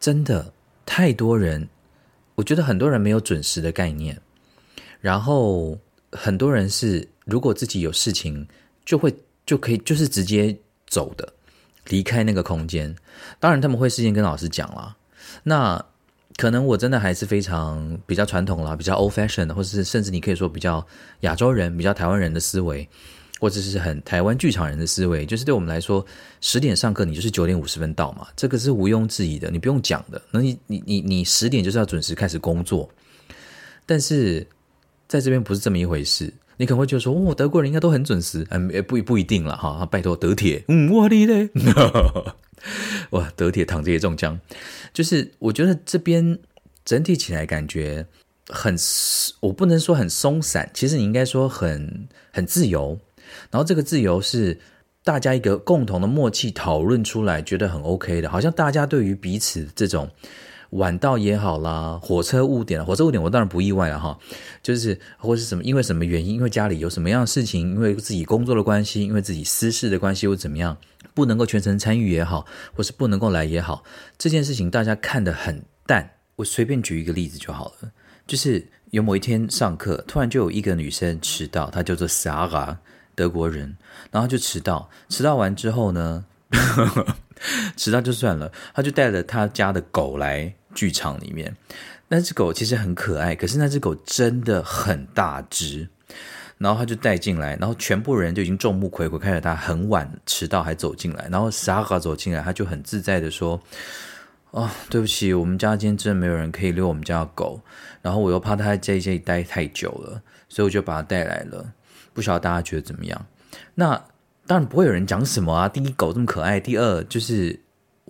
[SPEAKER 1] 真的太多人，我覺得很多人沒有準時的概念，然後很多人是如果自己有事情就會。就可以，就是直接走的，離開那個空間。當然，他們會事先跟老師講啦，那可能我真的還是非常比較傳統啦，比較 old fashion 的，或者是甚至你可以說比較亞洲人，比較台灣人的思維，或者是很台灣劇場人的思維。就是對我們來說，十點上課，你就是九點五十分到嘛，這個是毋庸置疑的，你不用講的。那你你你你十點就是要準時開始工作。但是在這邊不是這麼一回事。你可能會覺得說，哇、哦，德國人應該都很準時，嗯、哎，不不一定啦、啊，拜托德鐵，嗯，我的嘞，哇，德鐵躺着也中槍，就是我覺得這邊整體起來感覺很，我不能說很鬆散，其實你應該說很很自由，然後這個自由是大家一個共同的默契討論出來，覺得很 OK 的，好像大家對於彼此這種。晚到也好啦，火車誤點啦，火車誤點我當然不意外了、啊、哈，就是或是什麼因為什麼原因，因為家裡有什麼樣的事情，因為自己工作的關係，因為自己私事的關係或怎麼樣，不能夠全程參與也好，或是不能夠來也好，這件事情大家看得很淡。我隨便舉一個例子就好了，就是有某一天上課，突然就有一個女生遲到，她叫做 Sara，德國人，然後就遲到，遲到完之後呢， 遲到就算了，她就帶着她家的狗來。劇場裡面，那只狗其實很可愛，可是那只狗真的很大只，然後他就帶進來，然後全部人就已經眾目睽睽看着他很晚遲到還走進來，然後沙卡走進來，他就很自在地說：“哦，對不起，我們家今天真的沒有人可以遛我們家的狗，然後我又怕他在這裡待太久了，所以我就把它帶來了，不曉得大家覺得怎麼樣？那當然不會有人講什麼啊，第一狗這麼可愛，第二就是。”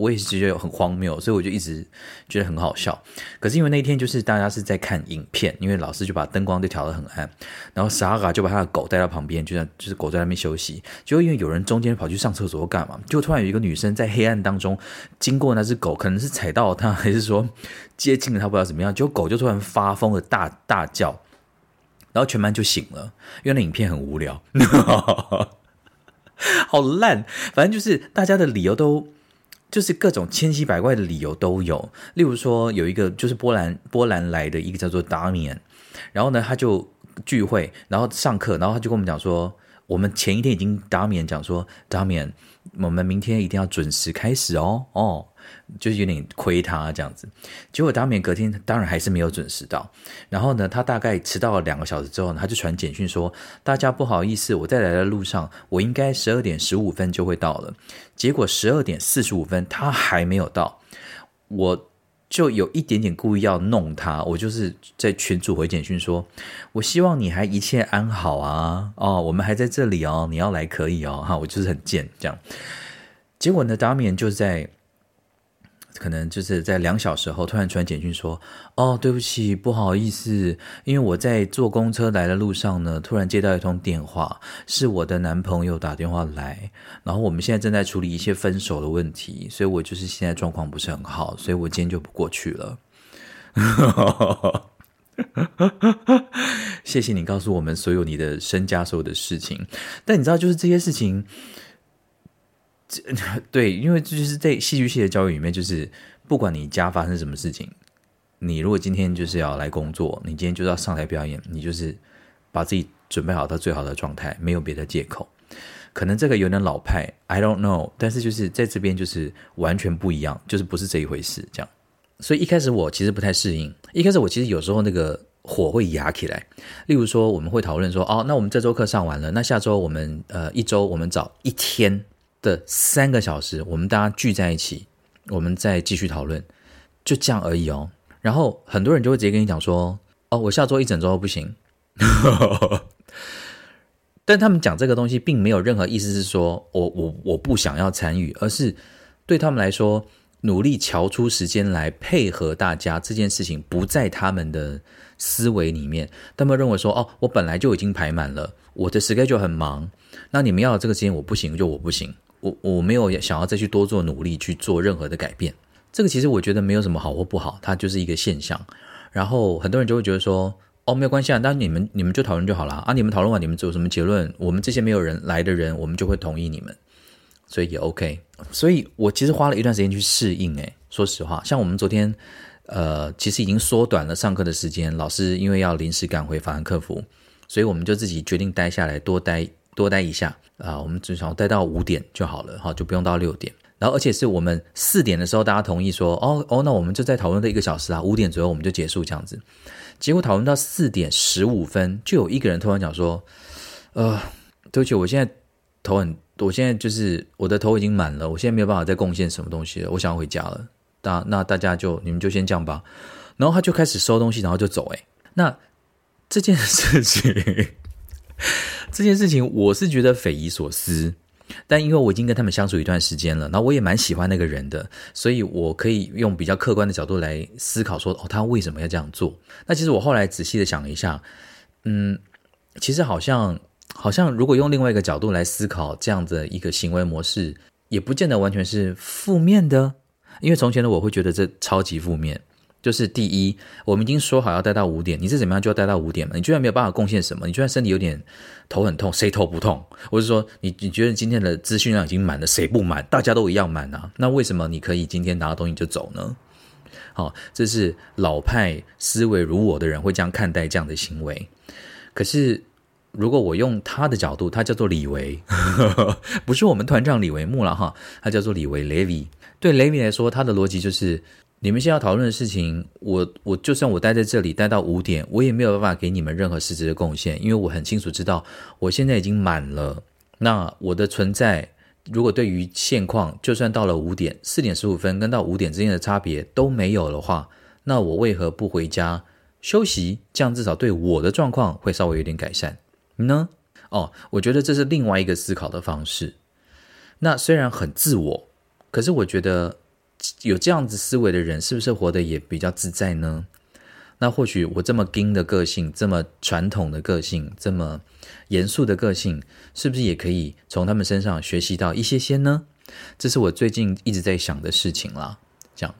[SPEAKER 1] 我也是覺得很荒謬，所以我就一直覺得很好笑。可是因為那一天就是大家是在看影片，因為老師就把燈光都調得很暗，然後沙嘎就把他的狗帶到旁邊，就像就是狗在那邊休息。就因為有人中間跑去上廁所幹嘛，就突然有一個女生在黑暗當中經過那只狗，可能是踩到它，還是說接近了它，不知道怎麼樣，就狗就突然發瘋的大大叫，然後全班就醒了，因為那影片很無聊， 好爛，反正就是大家的理由都。就是各種千奇百怪的理由都有，例如說有一個就是波蘭波蘭來的一個叫做達米安。然後呢，他就聚會，然後上課，然後他就跟我們講說，我們前一天已經達 a 講說達 a 我們明天一定要準時開始哦哦。就是有點虧他這樣子，結果達面隔天當然還是沒有準時到，然後呢，他大概遲到了兩個小時之後呢，他就傳簡訊說：“大家不好意思，我在來的路上，我應該十二點十五分就會到了。”結果十二點四十五分他還沒有到，我就有一點點故意要弄他，我就是在群組回簡訊說：“我希望你還一切安好啊，哦，我們還在這裡哦，你要來可以哦，哈，我就是很賤這樣。”結果呢，達面就是在。可能就是在兩小時後，突然傳簡訊說：“哦，對不起，不好意思，因為我在坐公車來的路上呢，突然接到一通電話，是我的男朋友打電話來，然後我們現在正在處理一些分手的問題，所以我就是現在狀況不是很好，所以我今天就不過去了。 ”謝謝你告訴我們所有你的身家，所有的事情。但你知道，就是這些事情。對，因為這就是在戲劇系的教育裡面，就是不管你家發生什麼事情，你如果今天就是要來工作，你今天就要上台表演，你就是把自己準備好到最好的狀態，沒有別的借口。可能這個有點老派，I don't know，但是就是在這邊就是完全不一樣，就是不是這一回事這樣。所以一開始我其實不太適應，一開始我其實有時候那個火會牙起來。例如說，我們會討論說，哦，那我們這週課上完了，那下週我們呃一週我們找一天的三個小時，我們大家聚在一起，我們再繼續討論，就這樣而已哦。然後很多人就會直接跟你講說：“哦，我下周一整周不行。 ”但他們講這個東西，並沒有任何意思是說我、我、我不想要參與，而是對他們來說，努力調出時間來配合大家這件事情，不在他們的思維裡面。他們認為說：“哦，我本來就已經排滿了，我的 schedule 很忙，那你們要的這個時間我不行，就我不行。”我我沒有想要再去多做努力去做任何的改變，這個其實我覺得沒有什麼好或不好，它就是一個現象。然後很多人就會覺得說，哦，沒有關係啊，但你們你們就討論就好了啊，你們討論完，啊，你們有什麼結論，我們這些沒有人來的人，我們就會同意你們，所以也 OK。所以我其實花了一段時間去適應，欸，哎，說實話，像我們昨天，呃，其實已經縮短了上課的時間，老師因為要臨時趕回法蘭克福，所以我們就自己決定待下來多待多待一下。啊，我們只想要待到五點就好了，哈，就不用到六點。然後，而且是我們四點的時候，大家同意說，哦哦，那我們就再討論這一個小時啊，五點左右我們就結束這樣子。結果討論到四點十五分，就有一個人突然講說，呃，對不起，我現在頭很，我現在就是我的頭已經滿了，我現在沒有辦法再貢獻什麼東西了，我想要回家了。那那大家就你們就先這樣吧。然後他就開始收東西，然後就走、欸。哎，那這件事情。 這件事情我是覺得匪夷所思，但因為我已經跟他們相處一段時間了，然後我也蠻喜歡那個人的，所以我可以用比較客觀的角度來思考說，說哦，他為什麼要這樣做？那其實我後來仔細的想了一下，嗯，其實好像好像如果用另外一個角度來思考這樣的一個行為模式，也不見得完全是負面的，因為從前的我會覺得這超級負面。就是第一，我們已經說好要待到五點，你是怎麼樣就要待到五點，你居然沒有辦法貢獻什麼，你居然身體有點頭很痛，誰頭不痛？我是說，你你覺得今天的資訊量已經滿了，誰不滿？大家都一樣滿啊。那為什麼你可以今天拿到東西就走呢？好，哦，這是老派思維如我的人會這樣看待這樣的行為。可是，如果我用他的角度，他叫做李維，呵呵，不是我們團長李維木啦哈，他叫做李維雷米。對雷米來說，他的邏輯就是。你們現在要討論的事情，我我就算我待在這裡待到五點，我也沒有辦法給你們任何實質的貢獻，因為我很清楚知道，我現在已經滿了。那我的存在，如果對於現況，就算到了五點四點十五分跟到五點之間的差別都沒有的話，那我為何不回家休息？這樣至少對我的狀況會稍微有點改善。你呢？哦，我覺得這是另外一個思考的方式。那雖然很自我，可是我覺得。有這樣子思維的人，是不是活得也比較自在呢？那或許我這麼硬的個性，這麼傳統的個性，這麼嚴肅的個性，是不是也可以從他們身上學習到一些些呢？這是我最近一直在想的事情啦。這樣，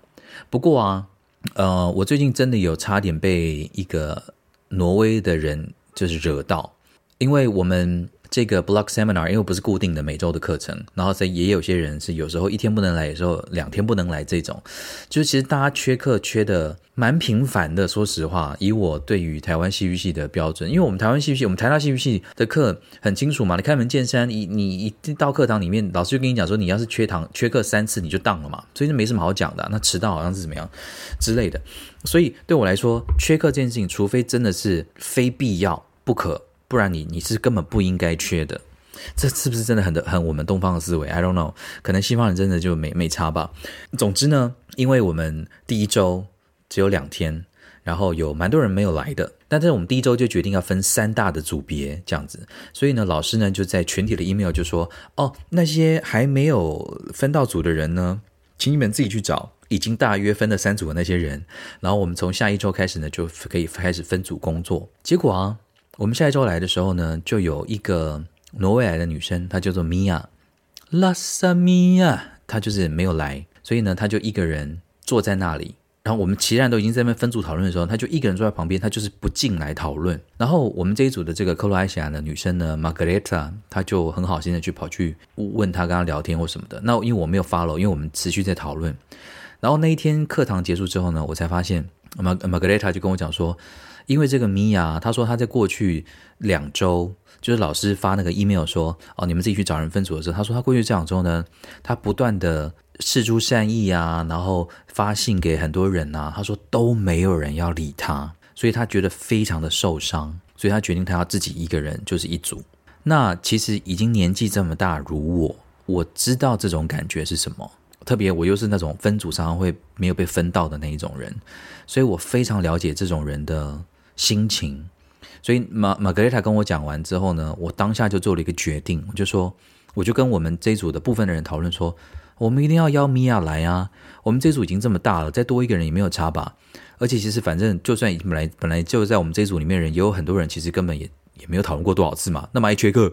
[SPEAKER 1] 不過啊，呃，我最近真的有差點被一個挪威的人就是惹到，因為我們。這個 block seminar 因為不是固定的每週的課程，然後所以也有些人是有時候一天不能來，有時候兩天不能來這種，就是其實大家缺課缺的蠻頻繁的。說實話，以我對於台灣戲劇系的標準，因為我們台灣戲劇系，我們台大戲劇系的課很清楚嘛，你開門見山，你你一到課堂裡面，老師就跟你講說，你要是缺堂缺課三次你就當了嘛，所以就沒什麼好講的啊。那遲到好像是怎麼樣之類的，所以對我來說，缺課這件事情，除非真的是非必要不可。不然你你是根本不應該缺的，這是不是真的很的很我們東方的思維？I don't know，可能西方人真的就沒沒差吧。總之呢，因為我們第一周只有兩天，然後有蠻多人沒有來的，但是我們第一周就決定要分三大的組別這樣子，所以呢，老師呢就在全體的 email 就說哦，那些還沒有分到組的人呢，請你們自己去找已經大約分了三組的那些人，然後我們從下一周開始呢就可以開始分組工作。結果啊。我們下一周來的時候呢，就有一個挪威來的女生，她叫做米婭，拉薩米婭，她就是沒有來，所以呢，她就一個人坐在那裡。然後我們其他人都已經在那邊分組討論的時候，她就一個人坐在旁邊，她就是不進來討論。然後我們這一組的這個克羅埃西亞的女生呢，Margaretta，她就很好心的去跑去問她，跟她聊天或什麼的。那因為我沒有 follow，因為我們持續在討論。然後那一天課堂結束之後呢，我才發現 Marg Margaretta 就跟我講說。因為這個 MIA，她說她在過去兩週，就是老師發那個 email 說，哦，你們自己去找人分組的時候，她說她過去這兩週呢，她不斷的釋出善意啊，然後發信給很多人啊，她說都沒有人要理她，所以她覺得非常的受傷，所以她決定她要自己一個人就是一組。那其實已經年紀這麼大如我，我知道這種感覺是什麼，特別我又是那種分組上會沒有被分到的那一種人，所以我非常了解這種人的心情，所以瑪瑪格麗塔跟我講完之後呢，我當下就做了一個決定，我就說，我就跟我們這一組的部分的人討論說，我們一定要邀米婭來啊，我們這組已經這麼大了，再多一個人也沒有差吧，而且其實反正就算本來本來就在我們這組裡面人，也有很多人其實根本也也沒有討論過多少次嘛，那麼一缺課，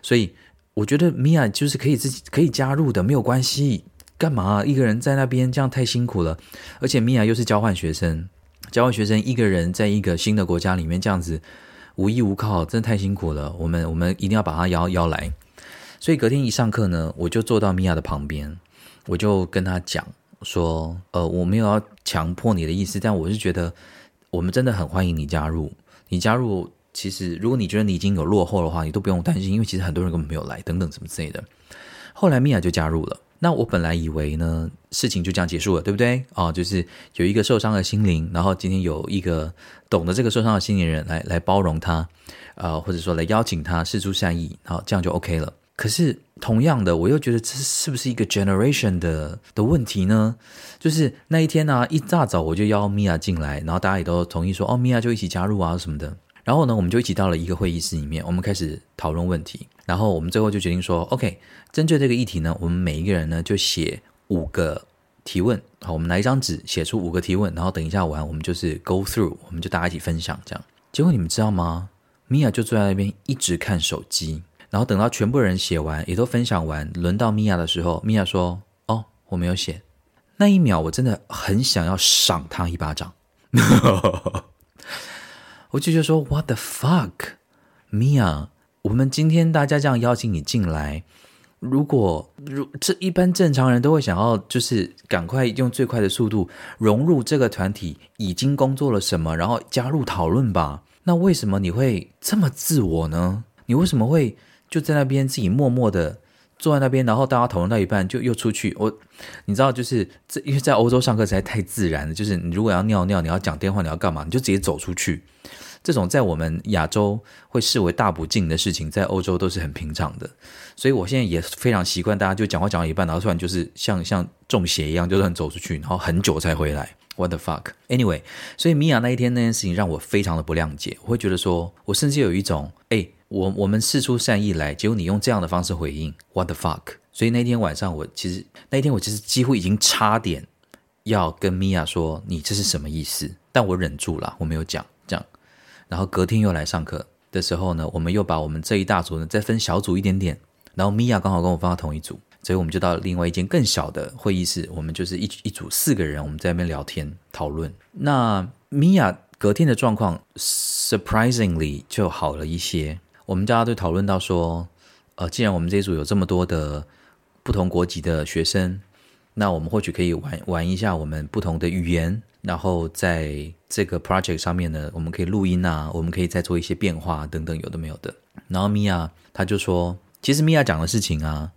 [SPEAKER 1] 所以我覺得米婭就是可以自己可以加入的，沒有關係，幹嘛一個人在那邊這樣太辛苦了，而且米婭又是交換學生。交換學生一個人在一個新的國家裡面這樣子無依無靠，真的太辛苦了。我們我們一定要把他邀邀來。所以隔天一上課呢，我就坐到米婭的旁邊，我就跟他講說，呃，我沒有要強迫你的意思，但我是覺得我們真的很歡迎你加入。你加入，其實如果你覺得你已經有落後的話，你都不用擔心，因為其實很多人根本沒有來，等等什麼之類的。後來米婭就加入了。那我本來以為呢，事情就這樣結束了，對不對？哦，就是有一個受傷的心靈，然後今天有一個懂得這個受傷的心靈的人來來包容他，啊、呃，或者說來邀請他釋出善意，好，這樣就 OK 了。可是同樣的，我又覺得這是，是不是一個 generation 的的問題呢？就是那一天呢、啊，一大早，早我就邀米婭進來，然後大家也都同意說，哦，米婭就一起加入啊什麼的。然後呢，我們就一起到了一個會議室裡面，我們開始討論問題。然後我們最後就決定說，OK，針對這個議題呢，我們每一個人呢就寫五個提問。好，我們拿一張紙寫出五個提問，然後等一下完，我們就是 go through，我們就大家一起分享這樣。結果你們知道嗎？米婭就坐在那邊一直看手機，然後等到全部人寫完也都分享完，輪到米婭的時候，米婭說：“哦，我沒有寫。”那一秒我真的很想要賞她一巴掌。 我就覺得說：“What the fuck，米婭！”我們今天大家這樣邀請你進來，如果如這一般正常人都會想要，就是趕快用最快的速度融入這個團體，已經工作了什麼，然後加入討論吧。那為什麼你會這麼自我呢？你為什麼會就在那邊自己默默的坐在那邊，然後大家討論到一半就又出去？我你知道，就是這因為在歐洲上課實在太自然了，就是你如果要尿尿，你要講電話，你要幹嘛，你就直接走出去。這種在我們亞洲會視為大不敬的事情，在歐洲都是很平常的。所以我現在也非常習慣，大家就講話講到一半，然後突然就是像像中邪一樣，就是很走出去，然後很久才回來。What the fuck？Anyway，所以米婭那一天那件事情讓我非常的不諒解。我會覺得說，我甚至有一種，哎，我我們釋出善意來，結果你用這樣的方式回應，What the fuck？所以那一天晚上，我其實那一天我其實幾乎已經差點要跟米婭說，你這是什麼意思？但我忍住了，我沒有講。然後隔天又來上課的時候呢，我們又把我們這一大組呢再分小組一點點。然後 Mia 剛好跟我放到同一組，所以我們就到另外一間更小的會議室。我們就是一一組四個人，我們在那邊聊天討論。那 Mia 隔天的狀況，surprisingly 就好了一些。我們大家都討論到說，呃，既然我們這一組有這麼多的不同國籍的學生。那我們或許可以玩玩一下我們不同的語言，然後在這個 project 上面呢，我們可以錄音啊，我們可以再做一些變化啊，等等，有的沒有的。然後 MIA 她就說，其實 MIA 講的事情啊，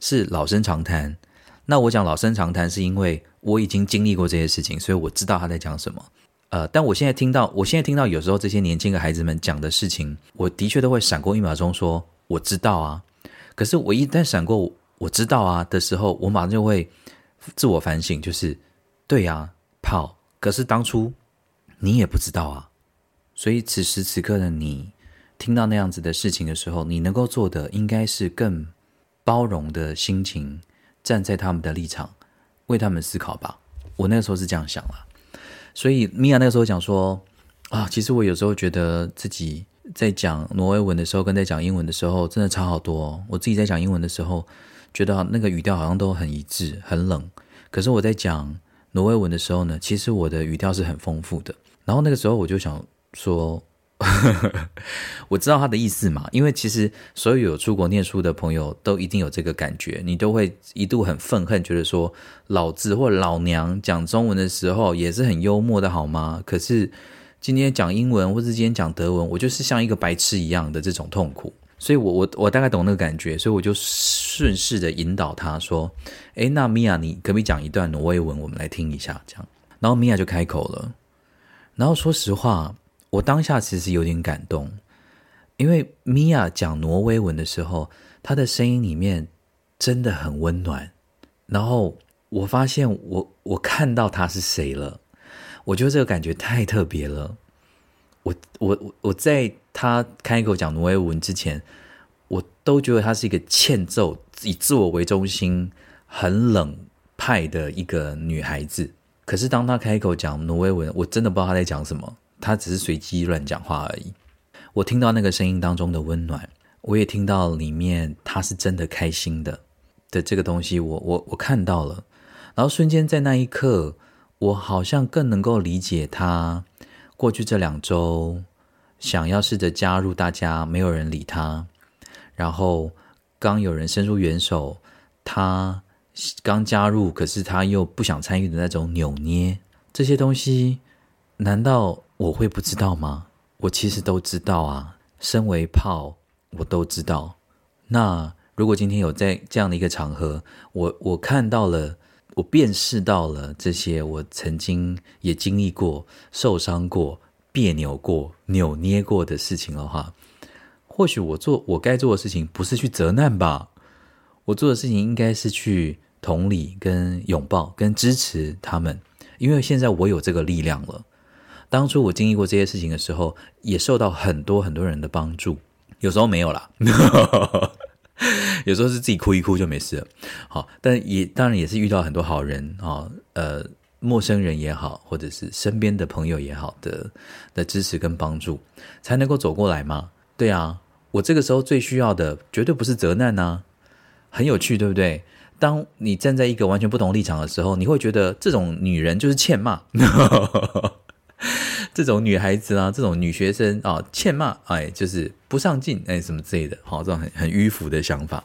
[SPEAKER 1] 是老生常談。那我講老生常談是因為我已經經歷過這些事情，所以我知道她在講什麼。呃，但我現在聽到，我現在聽到有時候這些年輕的孩子們講的事情，我的確都會閃過一秒鐘說我知道啊。可是我一旦閃過我知道啊的時候，我馬上就會。自我反省就是，對啊，跑。可是當初你也不知道啊，所以此時此刻的你，聽到那樣子的事情的時候，你能夠做的應該是更包容的心情，站在他們的立場，為他們思考吧。我那個時候是這樣想了。所以米婭那個時候講說啊，其實我有時候覺得自己在講挪威文的時候，跟在講英文的時候，真的差好多哦。我自己在講英文的時候，覺得那個語調好像都很一致，很冷。可是我在講挪威文的時候呢，其實我的語調是很豐富的。然後那個時候我就想說， 我知道他的意思嘛，因為其實所有有出國念書的朋友都一定有這個感覺，你都會一度很憤恨，覺得說老子或老娘講中文的時候也是很幽默的，好嗎？可是今天講英文或是今天講德文，我就是像一個白痴一樣的這種痛苦。所以我，我我我大概懂那個感覺，所以我就順勢地引導他說：“誒，那米婭，你可不可以講一段挪威文，我們來聽一下？”這樣，然後米婭就開口了。然後說實話，我當下其實有點感動，因為米婭講挪威文的時候，她的聲音裡面真的很溫暖。然後我發現我，我我看到她是誰了，我覺得這個感覺太特別了。我我我在。她開口講挪威文之前，我都覺得她是一個欠揍、以自我為中心、很冷派的一個女孩子。可是，當她開口講挪威文，我真的不知道她在講什麼，她只是隨機亂講話而已。我聽到那個聲音當中的溫暖，我也聽到裡面她是真的開心的的這個東西我，我我我看到了。然後，瞬間在那一刻，我好像更能夠理解她過去這兩週想要試着加入，大家沒有人理他。然後剛有人伸出援手，他剛加入，可是他又不想參與的那種扭捏，這些東西，難道我會不知道嗎？我其實都知道啊，身為炮，我都知道。那如果今天有在這樣的一個場合，我我看到了，我辨識到了這些，我曾經也經歷過、受傷過。彆扭過、扭捏過的事情的話，或許我做我該做的事情不是去責難吧，我做的事情應該是去同理、跟擁抱、跟支持他們，因為現在我有這個力量了。當初我經歷過這些事情的時候，也受到很多很多人的幫助。有時候沒有啦， 有時候是自己哭一哭就沒事了。好，但也當然也是遇到很多好人啊、哦，呃。陌生人也好，或者是身邊的朋友也好的的支持跟幫助，才能夠走過來嗎？對啊，我這個時候最需要的絕對不是責難啊，很有趣，對不對？當你站在一個完全不同立場的時候，你會覺得這種女人就是欠罵， 這種女孩子啊，這種女學生啊，欠罵，哎，就是不上進，哎，什麼之類的，好，這種很很迂腐的想法。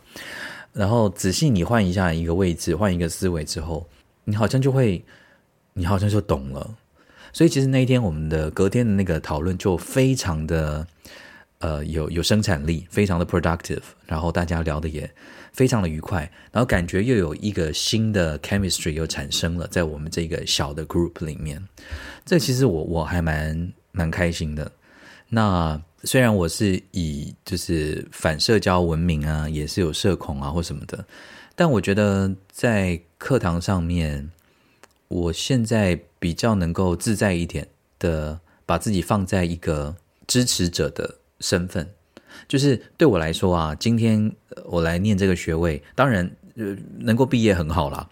[SPEAKER 1] 然後仔細你換一下一個位置，換一個思維之後，你好像就會。你好像就懂了，所以其實那一天，我們的隔天的那個討論就非常的，呃，有有生產力，非常的 productive，然後大家聊得也非常的愉快，然後感覺又有一個新的 chemistry 又產生了在我們這個小的 group 裡面，這其實我我還蠻蠻開心的。那雖然我是以就是反社交聞名啊，也是有社恐啊或什麼的，但我覺得在課堂上面。我現在比較能夠自在一點的，把自己放在一個支持者的身份，就是對我來說啊，今天我來念這個學位，當然能夠畢業很好啦，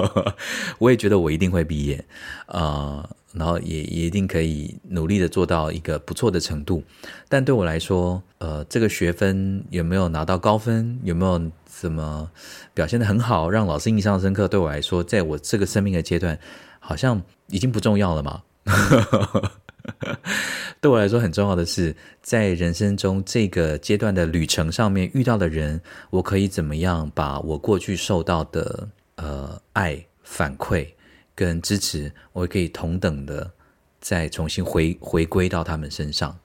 [SPEAKER 1] 我也覺得我一定會畢業，啊，然後也，也一定可以努力的做到一個不錯的程度，但對我來說，呃，這個學分有沒有拿到高分，有沒有？怎麼表現得很好，讓老師印象深刻？對我來說，在我這個生命的階段，好像已經不重要了嘛。 對我來說，很重要的是，在人生中這個階段的旅程上面遇到的人，我可以怎麼樣把我過去受到的呃愛、反饋跟支持，我可以同等的再重新回回歸到他們身上，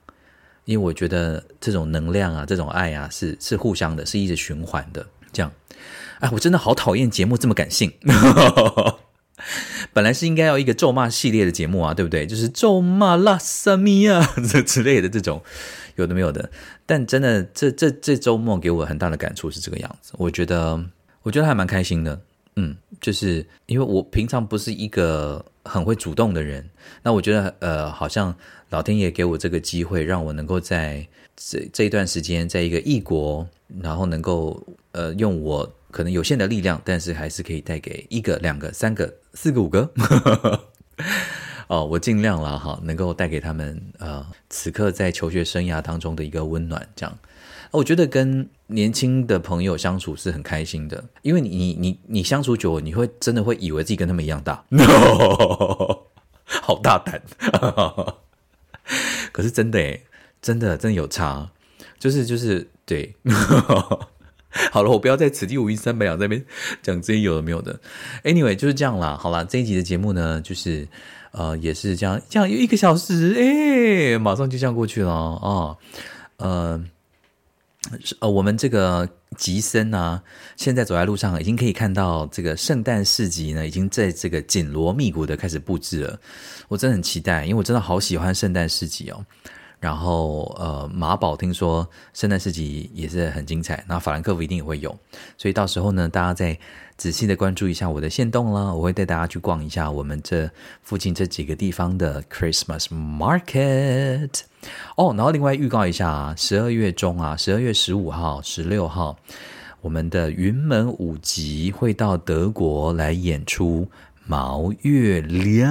[SPEAKER 1] 因為我覺得這種能量啊，這種愛啊，是是互相的，是一直循環的。哎，我真的好討厭節目這麼感性。 本來是應該要一個咒罵系列的節目啊，對不對？就是咒罵拉薩米亞，這之類的這種，有的沒有的。但真的，這這這周末給我很大的感觸是這個樣子。我覺得，我覺得還蠻開心的。嗯，就是因為我平常不是一個很會主動的人，那我覺得，呃，好像老天爺給我這個機會，讓我能夠在這這一段時間，在一個異國，然後能夠，呃，用我。可能有限的力量，但是還是可以帶給一個、兩個、三個、四個、五個 哦，我盡量了哈，能夠帶給他們、呃、此刻在求學生涯當中的一個溫暖。這樣、哦，我覺得跟年輕的朋友相處是很開心的，因為你、你、你、你相處久了，你會真的會以為自己跟他們一樣大。No! 好大膽， 可是真的欸真的真的有差，就是就是對。 好了，我不要在此地無銀三百兩，在那邊講這有的沒有的。Anyway，就是這樣啦。好啦，這一集的節目呢，就是呃，也是這樣，這樣一個小時，哎、欸，馬上就這樣過去了哦。呃，呃，我們這個吉森啊，現在走在路上，已經可以看到這個聖誕市集呢，已經在這個緊鑼密鼓的開始布置了。我真的很期待，因為我真的好喜歡聖誕市集哦。然後，呃，馬堡聽說聖誕市集也是很精彩，那法蘭克福一定也會有，所以到時候呢，大家再仔細的關注一下我的限動啦，我會帶大家去逛一下我們這附近這幾個地方的 Christmas Market 哦。然後另外預告一下啊，十二月中啊，十二月十五號、十六號，我們的雲門舞集會到德國來演出《毛月亮》，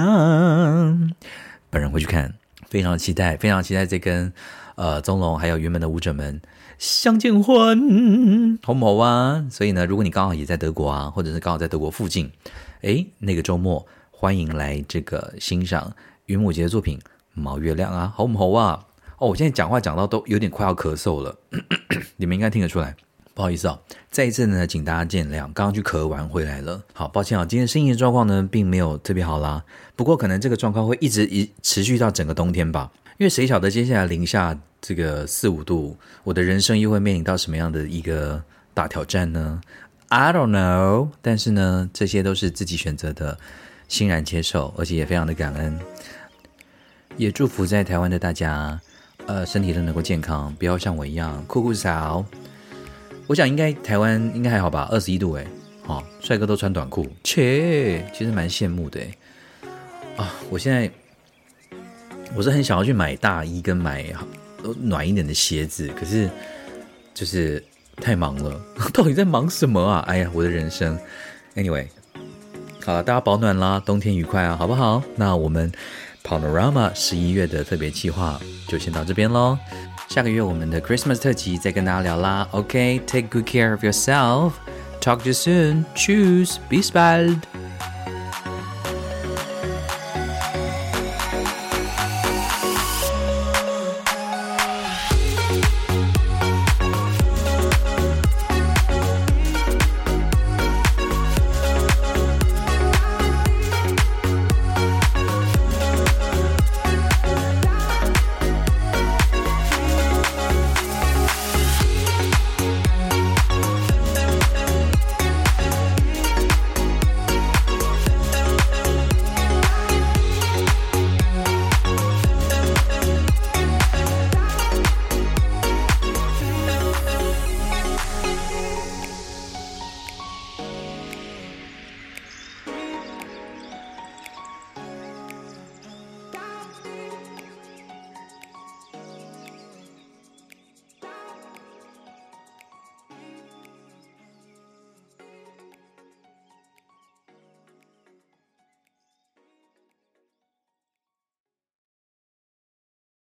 [SPEAKER 1] 本人會去看。非常期待，非常期待這跟，呃，宗龍還有雲門的舞者們相見歡，好不好啊？所以呢，如果你剛好也在德國啊，或者是剛好在德國附近，哎，那個周末歡迎來這個欣賞雲門節的作品，毛月亮啊，好不好啊？哦，我現在講話講到都有點快要咳嗽了， 你們應該聽得出來，不好意思啊、哦，再一次呢，請大家見諒，剛剛去咳完回來了，好抱歉啊、哦，今天聲音的狀況呢，並沒有特別好啦。不過可能這個狀況會一直一持續到整個冬天吧，因為誰曉得接下來零下這個四五度，我的人生又會面臨到什麼樣的一個大挑戰呢？I don't know。但是呢，這些都是自己選擇的，欣然接受，而且也非常的感恩，也祝福在台灣的大家，呃，身體都能夠健康，不要像我一樣酷酷嗽。我想應該台灣應該還好吧，二十一度誒好，哦，帥哥都穿短褲，切，其實蠻羨慕的。啊、哦，我現在我是很想要去買大衣跟買暖一點的鞋子，可是就是太忙了。到底在忙什麼啊？哎呀，我的人生。Anyway，好了，大家保暖啦，冬天愉快啊，好不好？那我們 Panorama 十一月的特別計劃就先到這邊嘍。下個月我們的 Christmas 特輯再跟大家聊啦。OK，take good care of yourself，talk to you soon，choose be spoiled。